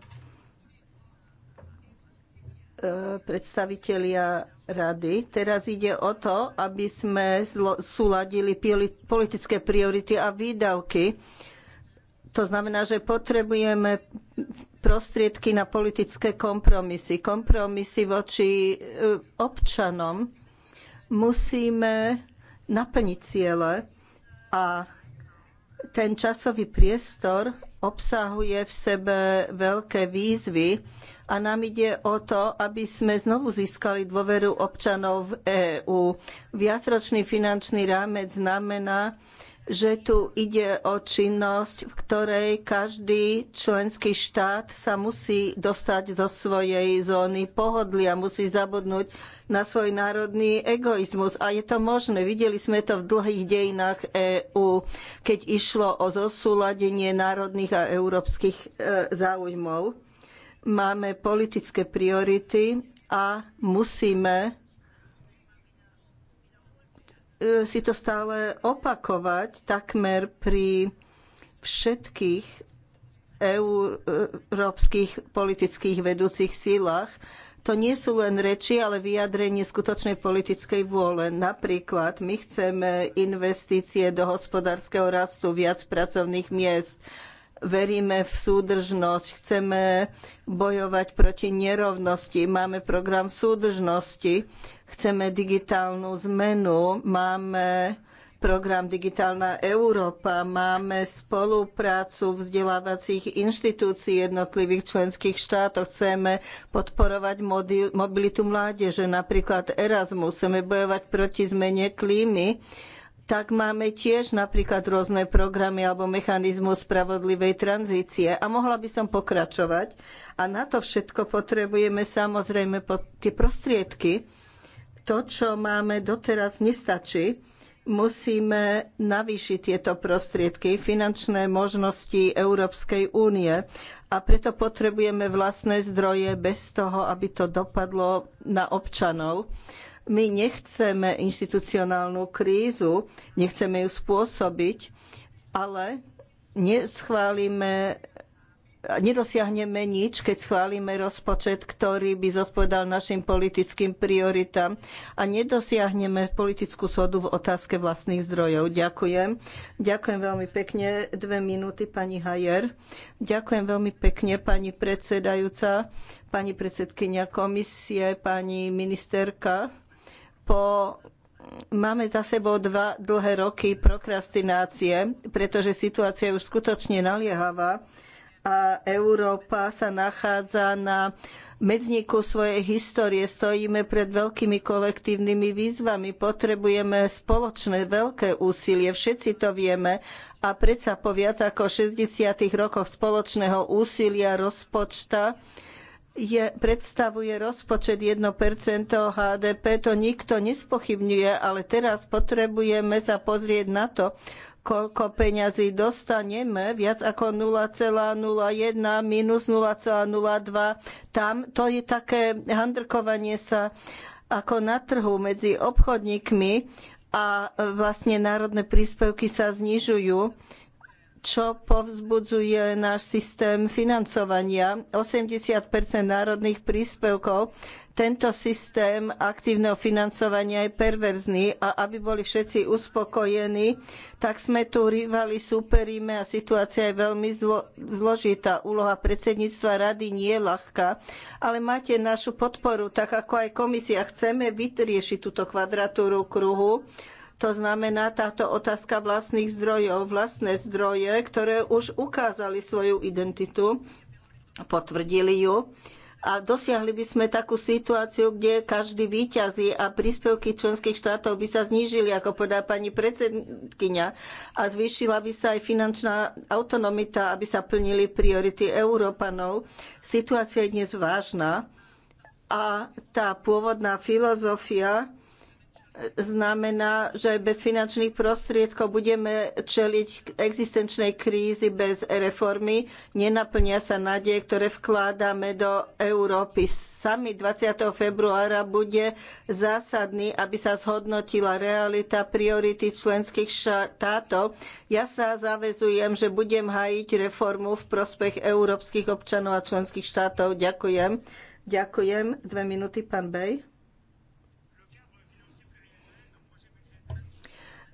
S3: eh, predstavitelia rady. Teraz ide o to, aby sme súladili politické priority a výdavky to znamená, že potrebujeme prostriedky na politické kompromisy, kompromisy voči e, občanom. Musíme naplniť ciele a ten časový priestor obsahuje v sebe veľké výzvy a nám ide o to, aby sme znovu získali dôveru občanov v EÚ. Viacročný finančný rámec znamená, že tu ide o činnosť, v ktorej každý členský štát sa musí dostať zo svojej zóny pohodlia, musí zabudnúť na svoj národný egoizmus. A je to možné. Videli sme to v dlhých dejinách EÚ, keď išlo o zosúladenie národných a európskych e, záujmov. Máme politické priority a musíme E, si to stále opakovať takmer pri všetkých európskych politických vedúcich sílach. To nie sú len reči, ale vyjadrenie skutočnej politickej vôle. Napríklad my chceme investície do hospodárskeho rastu, viac pracovných miest, veríme v súdržnosť, chceme bojovať proti nerovnosti, máme program súdržnosti, chceme digitálnu zmenu, máme program Digitálna Európa, máme spoluprácu vzdelávacích inštitúcií jednotlivých členských štátov, chceme podporovať mobilitu mládeže, napríklad Erasmus, chceme bojovať proti zmene klímy tak máme tiež napríklad rôzne programy alebo mechanizmus spravodlivej tranzície. A mohla by som pokračovať. A na to všetko potrebujeme samozrejme tie prostriedky. To, čo máme doteraz, nestačí. Musíme navýšiť tieto prostriedky, finančné možnosti Európskej únie a preto potrebujeme vlastné zdroje bez toho, aby to dopadlo na občanov. My nechceme inštitucionálnu krízu, nechceme ju spôsobiť, ale neschválime nedosiahneme nič, keď schválime rozpočet, ktorý by zodpovedal našim politickým prioritám a nedosiahneme politickú sodu v otázke vlastných zdrojov. Ďakujem. Ďakujem veľmi pekne. Dve minúty, pani Hajer. Ďakujem veľmi pekne, pani predsedajúca, pani predsedkynia komisie, pani ministerka po Máme za sebou dva dlhé roky prokrastinácie, pretože situácia je už skutočne naliehavá a Európa sa nachádza na medzníku svojej histórie. Stojíme pred veľkými kolektívnymi výzvami. Potrebujeme spoločné veľké úsilie, všetci to vieme. A predsa po viac ako 60 rokoch spoločného úsilia rozpočta je, predstavuje rozpočet 1% HDP, to nikto nespochybňuje, ale teraz potrebujeme sa pozrieť na to, koľko peňazí dostaneme, viac ako 0,01 minus 0,02. Tam to je také handrkovanie sa ako na trhu medzi obchodníkmi a e, vlastne národné príspevky sa znižujú čo povzbudzuje náš systém financovania. 80 národných príspevkov. Tento systém aktívneho financovania je perverzný a aby boli všetci uspokojení, tak sme tu rivali, súperíme a situácia je veľmi zlo zložitá. Úloha predsedníctva rady nie je ľahká, ale máte našu podporu, tak ako aj komisia. Chceme vyriešiť túto kvadratúru kruhu to znamená táto otázka vlastných zdrojov, vlastné zdroje, ktoré už ukázali svoju identitu, potvrdili ju a dosiahli by sme takú situáciu, kde každý výťazí a príspevky členských štátov by sa znížili, ako podá pani predsedkynia, a zvýšila by sa aj finančná autonomita, aby sa plnili priority Európanov. Situácia je dnes vážna a tá pôvodná filozofia znamená, že bez finančných prostriedkov budeme čeliť existenčnej krízy bez reformy. Nenaplnia sa nádeje, ktoré vkladáme do Európy. Sami 20. februára bude zásadný, aby sa zhodnotila realita priority členských štátov. Ja sa zavezujem, že budem hájiť reformu v prospech európskych občanov a členských štátov. Ďakujem. Ďakujem. Dve minúty, pán Bej.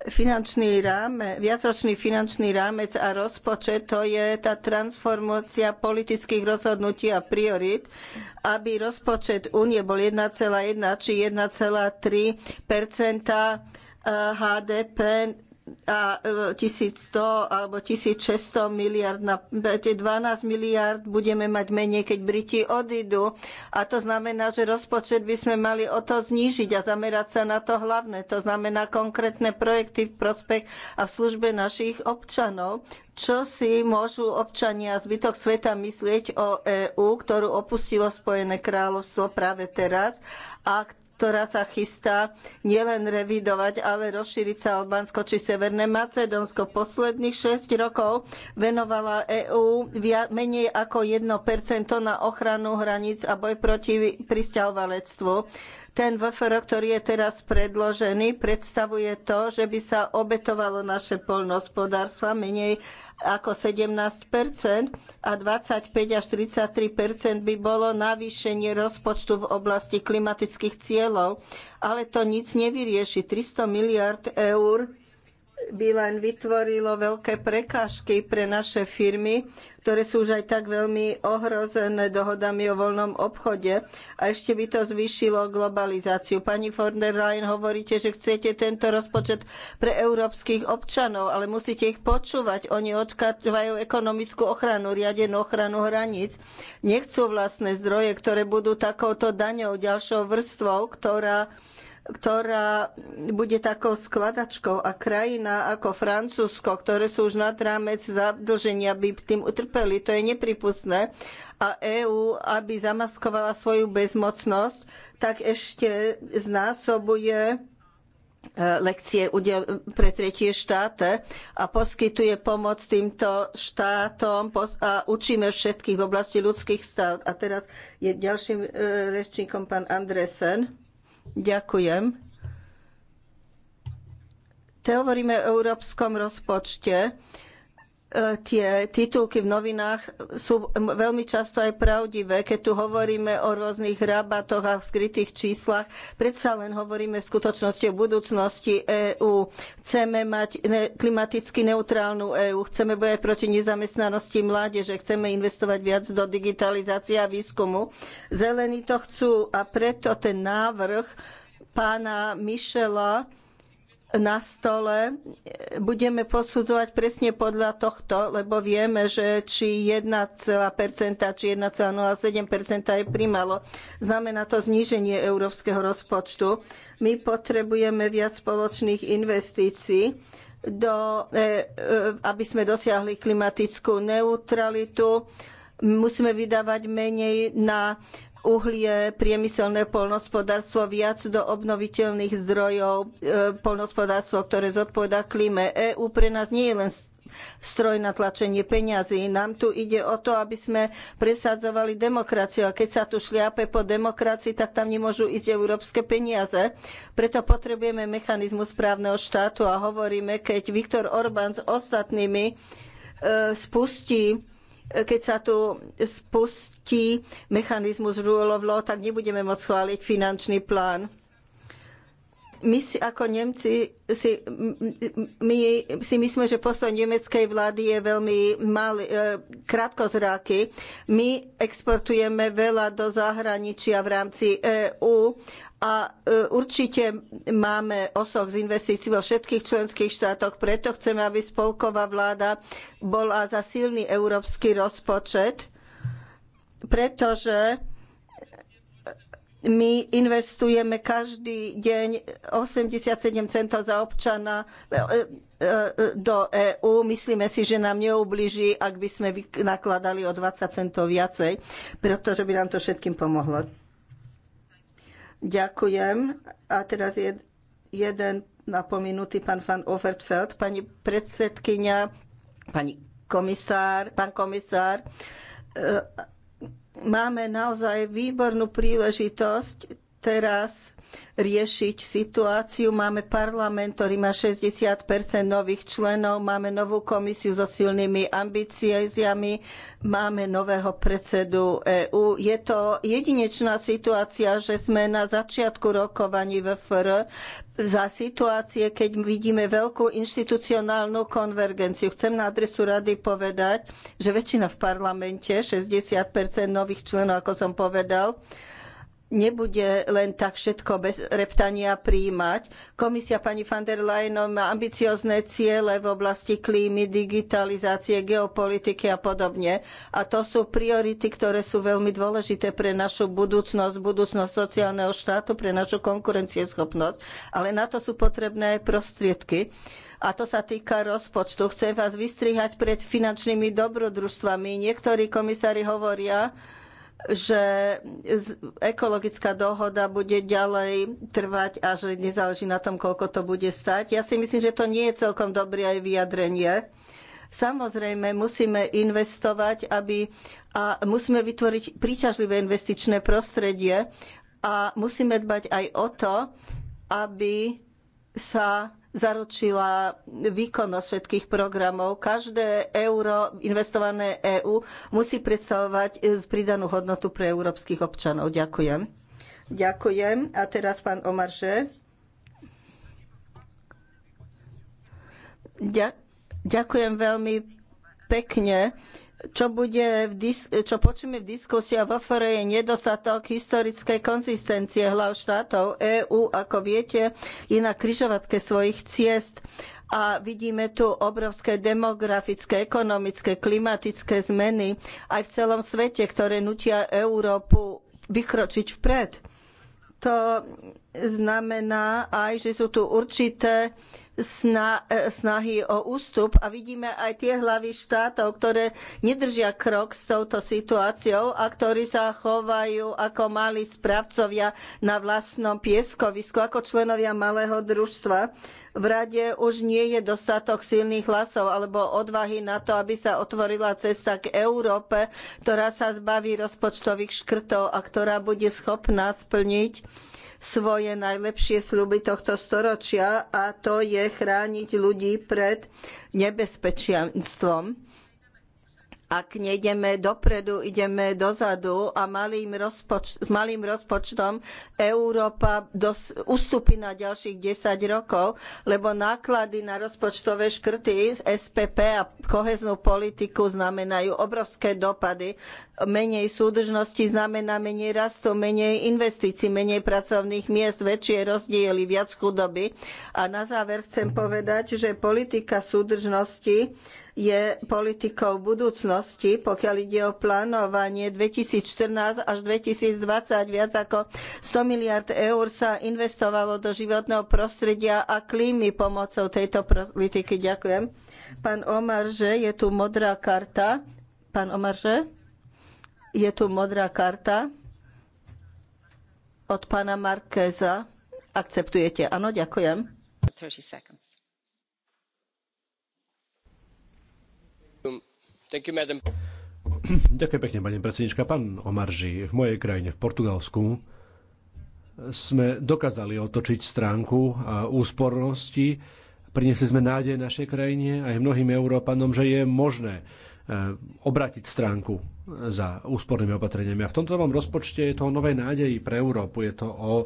S3: finančný ráme, viacročný finančný rámec a rozpočet, to je tá transformácia politických rozhodnutí a priorit, aby rozpočet únie bol 1,1 či 1,3 eh, HDP a 1100 e, alebo 1600 miliard na 12 miliard budeme mať menej, keď Briti odídu. A to znamená, že rozpočet by sme mali o to znížiť a zamerať sa na to hlavné. To znamená konkrétne projekty v prospech a v službe našich občanov. Čo si môžu občania zbytok sveta myslieť o EÚ, ktorú opustilo Spojené kráľovstvo práve teraz a ktorá sa chystá nielen revidovať, ale rozšíriť sa Albánsko či Severné Macedónsko. Posledných 6 rokov venovala EÚ menej ako 1% na ochranu hraníc a boj proti prisťahovalectvu ten VFR, ktorý je teraz predložený, predstavuje to, že by sa obetovalo naše poľnohospodárstva menej ako 17 a 25 až 33 by bolo navýšenie rozpočtu v oblasti klimatických cieľov. Ale to nic nevyrieši. 300 miliard eur by len vytvorilo veľké prekážky pre naše firmy, ktoré sú už aj tak veľmi ohrozené dohodami o voľnom obchode a ešte by to zvýšilo globalizáciu. Pani von der Leyen, hovoríte, že chcete tento rozpočet pre európskych občanov, ale musíte ich počúvať. Oni odkávajú ekonomickú ochranu, riadenú ochranu hraníc. Nechcú vlastné zdroje, ktoré budú takouto daňou, ďalšou vrstvou, ktorá ktorá bude takou skladačkou a krajina ako Francúzsko, ktoré sú už nad rámec zadlženia, by tým utrpeli. To je nepripustné. A EÚ, aby zamaskovala svoju bezmocnosť, tak ešte znásobuje e, lekcie pre tretie štáte a poskytuje pomoc týmto štátom a učíme všetkých v oblasti ľudských stáv. A teraz je ďalším e, rečníkom pán Andresen. Ďakujem. Te hovoríme o európskom rozpočte E, tie titulky v novinách sú veľmi často aj pravdivé. Keď tu hovoríme o rôznych rabatoch a v skrytých číslach, predsa len hovoríme v skutočnosti o budúcnosti EÚ. Chceme mať klimaticky neutrálnu EÚ, chceme bojať proti nezamestnanosti mládeže, chceme investovať viac do digitalizácie a výskumu. Zelení to chcú a preto ten návrh pána Michela na stole budeme posudzovať presne podľa tohto, lebo vieme, že či 1, či 1,07 je primalo. Znamená to zníženie európskeho rozpočtu. My potrebujeme viac spoločných investícií, do, e, e, aby sme dosiahli klimatickú neutralitu. Musíme vydávať menej na uhlie, priemyselné poľnohospodárstvo viac do obnoviteľných zdrojov, e, poľnohospodárstvo, ktoré zodpovedá klíme. EÚ pre nás nie je len stroj na tlačenie peňazí. Nám tu ide o to, aby sme presadzovali demokraciu. A keď sa tu šliape po demokracii, tak tam nemôžu ísť európske peniaze. Preto potrebujeme mechanizmus právneho štátu a hovoríme, keď Viktor Orbán s ostatnými e, spustí keď sa tu spustí mechanizmus rule of law, tak nebudeme môcť schváliť finančný plán. My si ako Nemci si, my si myslíme, že postoj nemeckej vlády je veľmi malý, e, krátkozráky. My exportujeme veľa do zahraničia v rámci EÚ a e, určite máme osoch z investícií vo všetkých členských štátoch, preto chceme, aby spolková vláda bola za silný európsky rozpočet, pretože my investujeme každý deň 87 centov za občana e, e, do EÚ. Myslíme si, že nám neublíži, ak by sme nakladali o 20 centov viacej, pretože by nám to všetkým pomohlo. Ďakujem. A teraz je jeden napomenutý pán van Overtfeld, pani predsedkynia, pani komisár, pán komisár. E, máme naozaj výbornú príležitosť teraz riešiť situáciu. Máme parlament, ktorý má 60 nových členov, máme novú komisiu so silnými ambíciami, máme nového predsedu EÚ. Je to jedinečná situácia, že sme na začiatku rokovaní VFR za situácie, keď vidíme veľkú inštitucionálnu konvergenciu. Chcem na adresu rady povedať, že väčšina v parlamente, 60 nových členov, ako som povedal, nebude len tak všetko bez reptania príjmať. Komisia pani van der Leyen má ambiciozne ciele v oblasti klímy, digitalizácie, geopolitiky a podobne. A to sú priority, ktoré sú veľmi dôležité pre našu budúcnosť, budúcnosť sociálneho štátu, pre našu konkurencieschopnosť. Ale na to sú potrebné aj prostriedky a to sa týka rozpočtu. Chcem vás vystrihať pred finančnými dobrodružstvami. Niektorí komisári hovoria, že ekologická dohoda bude ďalej trvať a že nezáleží na tom, koľko to bude stať. Ja si myslím, že to nie je celkom dobré aj vyjadrenie. Samozrejme, musíme investovať, aby, a musíme vytvoriť príťažlivé investičné prostredie a musíme dbať aj o to, aby sa zaručila výkonnosť všetkých programov. Každé euro investované EÚ musí predstavovať e, pridanú hodnotu pre európskych občanov. Ďakujem. Ďakujem. A teraz pán Omarže. Ďakujem veľmi pekne čo, bude v dis- čo počujeme v diskusii a vo FR je nedostatok historickej konzistencie hlav štátov EÚ, ako viete, je na kryžovatke svojich ciest a vidíme tu obrovské demografické, ekonomické, klimatické zmeny aj v celom svete, ktoré nutia Európu vykročiť vpred. To znamená aj, že sú tu určité E, snahy o ústup a vidíme aj tie hlavy štátov, ktoré nedržia krok s touto situáciou a ktorí sa chovajú ako mali správcovia na vlastnom pieskovisku, ako členovia malého družstva. V rade už nie je dostatok silných hlasov alebo odvahy na to, aby sa otvorila cesta k Európe, ktorá sa zbaví rozpočtových škrtov a ktorá bude schopná splniť svoje najlepšie sľuby tohto storočia a to je chrániť ľudí pred nebezpečenstvom ak nejdeme dopredu, ideme dozadu a malým rozpoč- s malým rozpočtom Európa dos- ustúpi na ďalších 10 rokov, lebo náklady na rozpočtové škrty z SPP a koheznú politiku znamenajú obrovské dopady. Menej súdržnosti znamená menej rastu, menej investícií, menej pracovných miest, väčšie rozdiely, viac chudoby. A na záver chcem povedať, že politika súdržnosti je politikou budúcnosti, pokiaľ ide o plánovanie 2014 až 2020. Viac ako 100 miliard eur sa investovalo do životného prostredia a klímy pomocou tejto politiky. Ďakujem. Pán Omarže, je tu modrá karta. Pán Omarže, je tu modrá karta od pána Markéza. Akceptujete? Áno, ďakujem. 30 seconds. Ďakujem
S2: pekne, pani predsednička. Pán Omarži, v mojej krajine, v Portugalsku, sme dokázali otočiť stránku úspornosti. Priniesli sme nádej našej krajine aj mnohým Európanom, že je možné e, obratiť stránku za úspornými opatreniami. A v tomto novom rozpočte je to o novej nádeji pre Európu. Je to o e,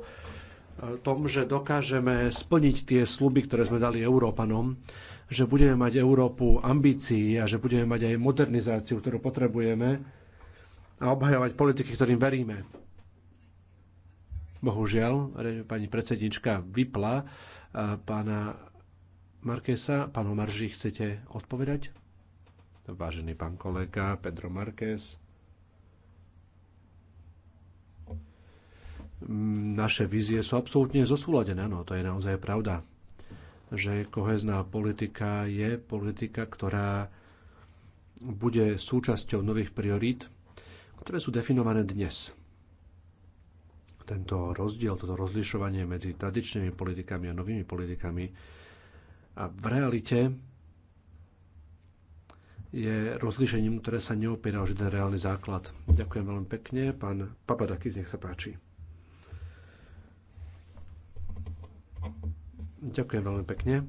S2: tom, že dokážeme splniť tie sluby, ktoré sme dali Európanom že budeme mať Európu ambícií a že budeme mať aj modernizáciu, ktorú potrebujeme a obhajovať politiky, ktorým veríme. Bohužiaľ, pani predsednička vypla pána Markesa, Pán Omarži, chcete odpovedať? Vážený pán kolega Pedro Marques. Naše vízie sú absolútne zosúladené, áno, to je naozaj pravda že kohezná politika je politika, ktorá bude súčasťou nových priorít, ktoré sú definované dnes. Tento rozdiel, toto rozlišovanie medzi tradičnými politikami a novými politikami a v realite je rozlišením, ktoré sa neopiera o žiaden reálny základ. Ďakujem veľmi pekne. Pán Papadakis, nech sa páči. Ďakujem veľmi pekne.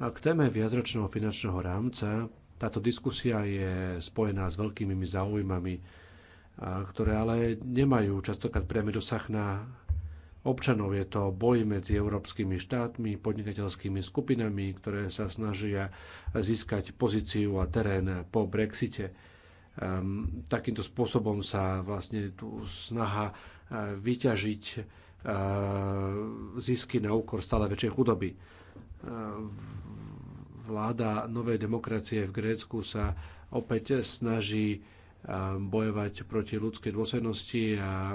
S2: K téme viacročného finančného rámca táto diskusia je spojená s veľkými záujmami, ktoré ale nemajú častokrát priamy dosah na občanov. Je to boj medzi európskymi štátmi, podnikateľskými skupinami, ktoré sa snažia získať pozíciu a terén po Brexite. Ehm, takýmto spôsobom sa vlastne tu snaha e, vyťažiť zisky na úkor stále väčšej chudoby. Vláda novej demokracie v Grécku sa opäť snaží bojovať proti ľudskej dôslednosti a,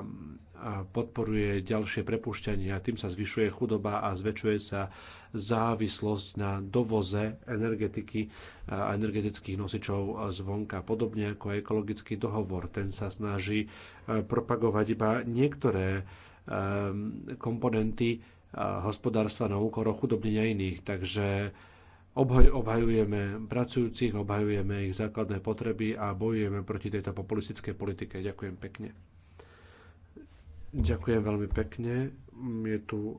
S2: a podporuje ďalšie prepušťanie a tým sa zvyšuje chudoba a zväčšuje sa závislosť na dovoze energetiky a energetických nosičov zvonka. Podobne ako ekologický dohovor, ten sa snaží propagovať iba niektoré Ehm, komponenty eh, hospodárstva na úkor ochudobnenia iných. Takže obhajujeme pracujúcich, obhajujeme ich základné potreby a bojujeme proti tejto populistickej politike. Ďakujem pekne. Ďakujem veľmi pekne. Je tu eh,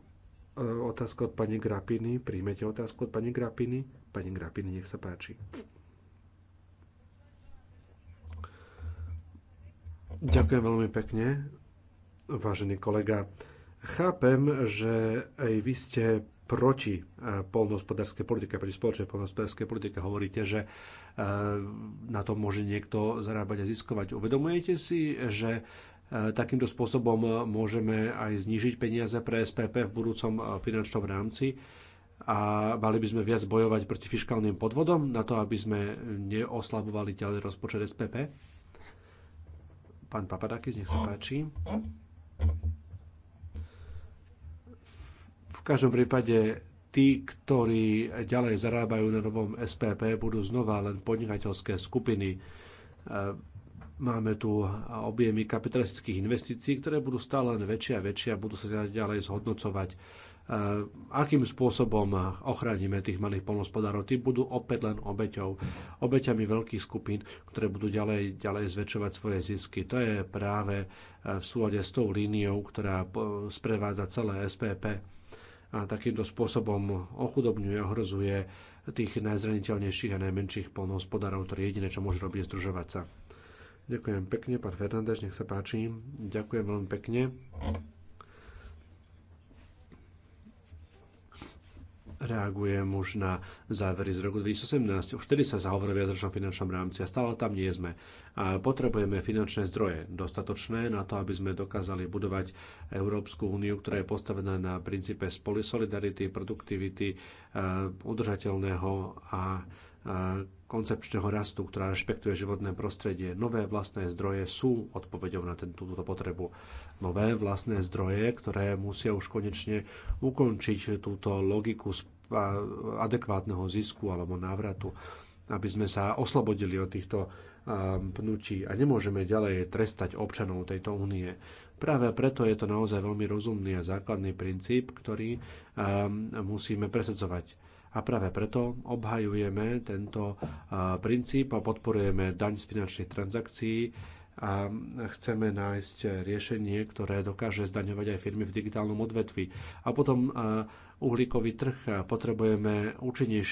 S2: otázka od pani Grapiny. Príjmete otázku od pani Grapiny? Pani Grapiny, nech sa páči. Ďakujem veľmi pekne vážený kolega. Chápem, že aj vy ste proti e, polnohospodárskej politike, proti spoločnej polnohospodárskej politike. Hovoríte, že e, na to môže niekto zarábať a ziskovať. Uvedomujete si, že e, takýmto spôsobom môžeme aj znížiť peniaze pre SPP v budúcom finančnom rámci a mali by sme viac bojovať proti fiskálnym podvodom na to, aby sme neoslabovali ďalej rozpočet SPP? Pán Papadakis, nech sa no. páči. každom prípade tí, ktorí ďalej zarábajú na novom SPP, budú znova len podnikateľské skupiny. E, máme tu objemy kapitalistických investícií, ktoré budú stále len väčšie a väčšie a budú sa ďalej zhodnocovať. E, akým spôsobom ochránime tých malých polnospodárov? Tí budú opäť len obeťou, obeťami veľkých skupín, ktoré budú ďalej, ďalej zväčšovať svoje zisky. To je práve e, v súlade s tou líniou, ktorá sprevádza celé SPP a takýmto spôsobom ochudobňuje, ohrozuje tých najzraniteľnejších a najmenších polnohospodárov, ktorí jediné, čo môžu robiť, je združovať sa. Ďakujem pekne, pán Fernández, nech sa páči. Ďakujem veľmi pekne. reagujem už na závery z roku 2018. Už vtedy sa zahovorí o viacročnom finančnom rámci a stále tam nie sme. A potrebujeme finančné zdroje dostatočné na to, aby sme dokázali budovať Európsku úniu, ktorá je postavená na princípe spoli solidarity, produktivity, e, udržateľného a e, koncepčného rastu, ktorá rešpektuje životné prostredie. Nové vlastné zdroje sú odpovedou na túto potrebu. Nové vlastné zdroje, ktoré musia už konečne ukončiť túto logiku adekvátneho zisku alebo návratu, aby sme sa oslobodili od týchto pnutí a nemôžeme ďalej trestať občanov tejto únie. Práve preto je to naozaj veľmi rozumný a základný princíp, ktorý musíme presadzovať. A práve preto obhajujeme tento princíp a podporujeme daň z finančných transakcií, a chceme nájsť riešenie, ktoré dokáže zdaňovať aj firmy v digitálnom odvetvi. A potom uhlíkový trh. Potrebujeme účinnejšie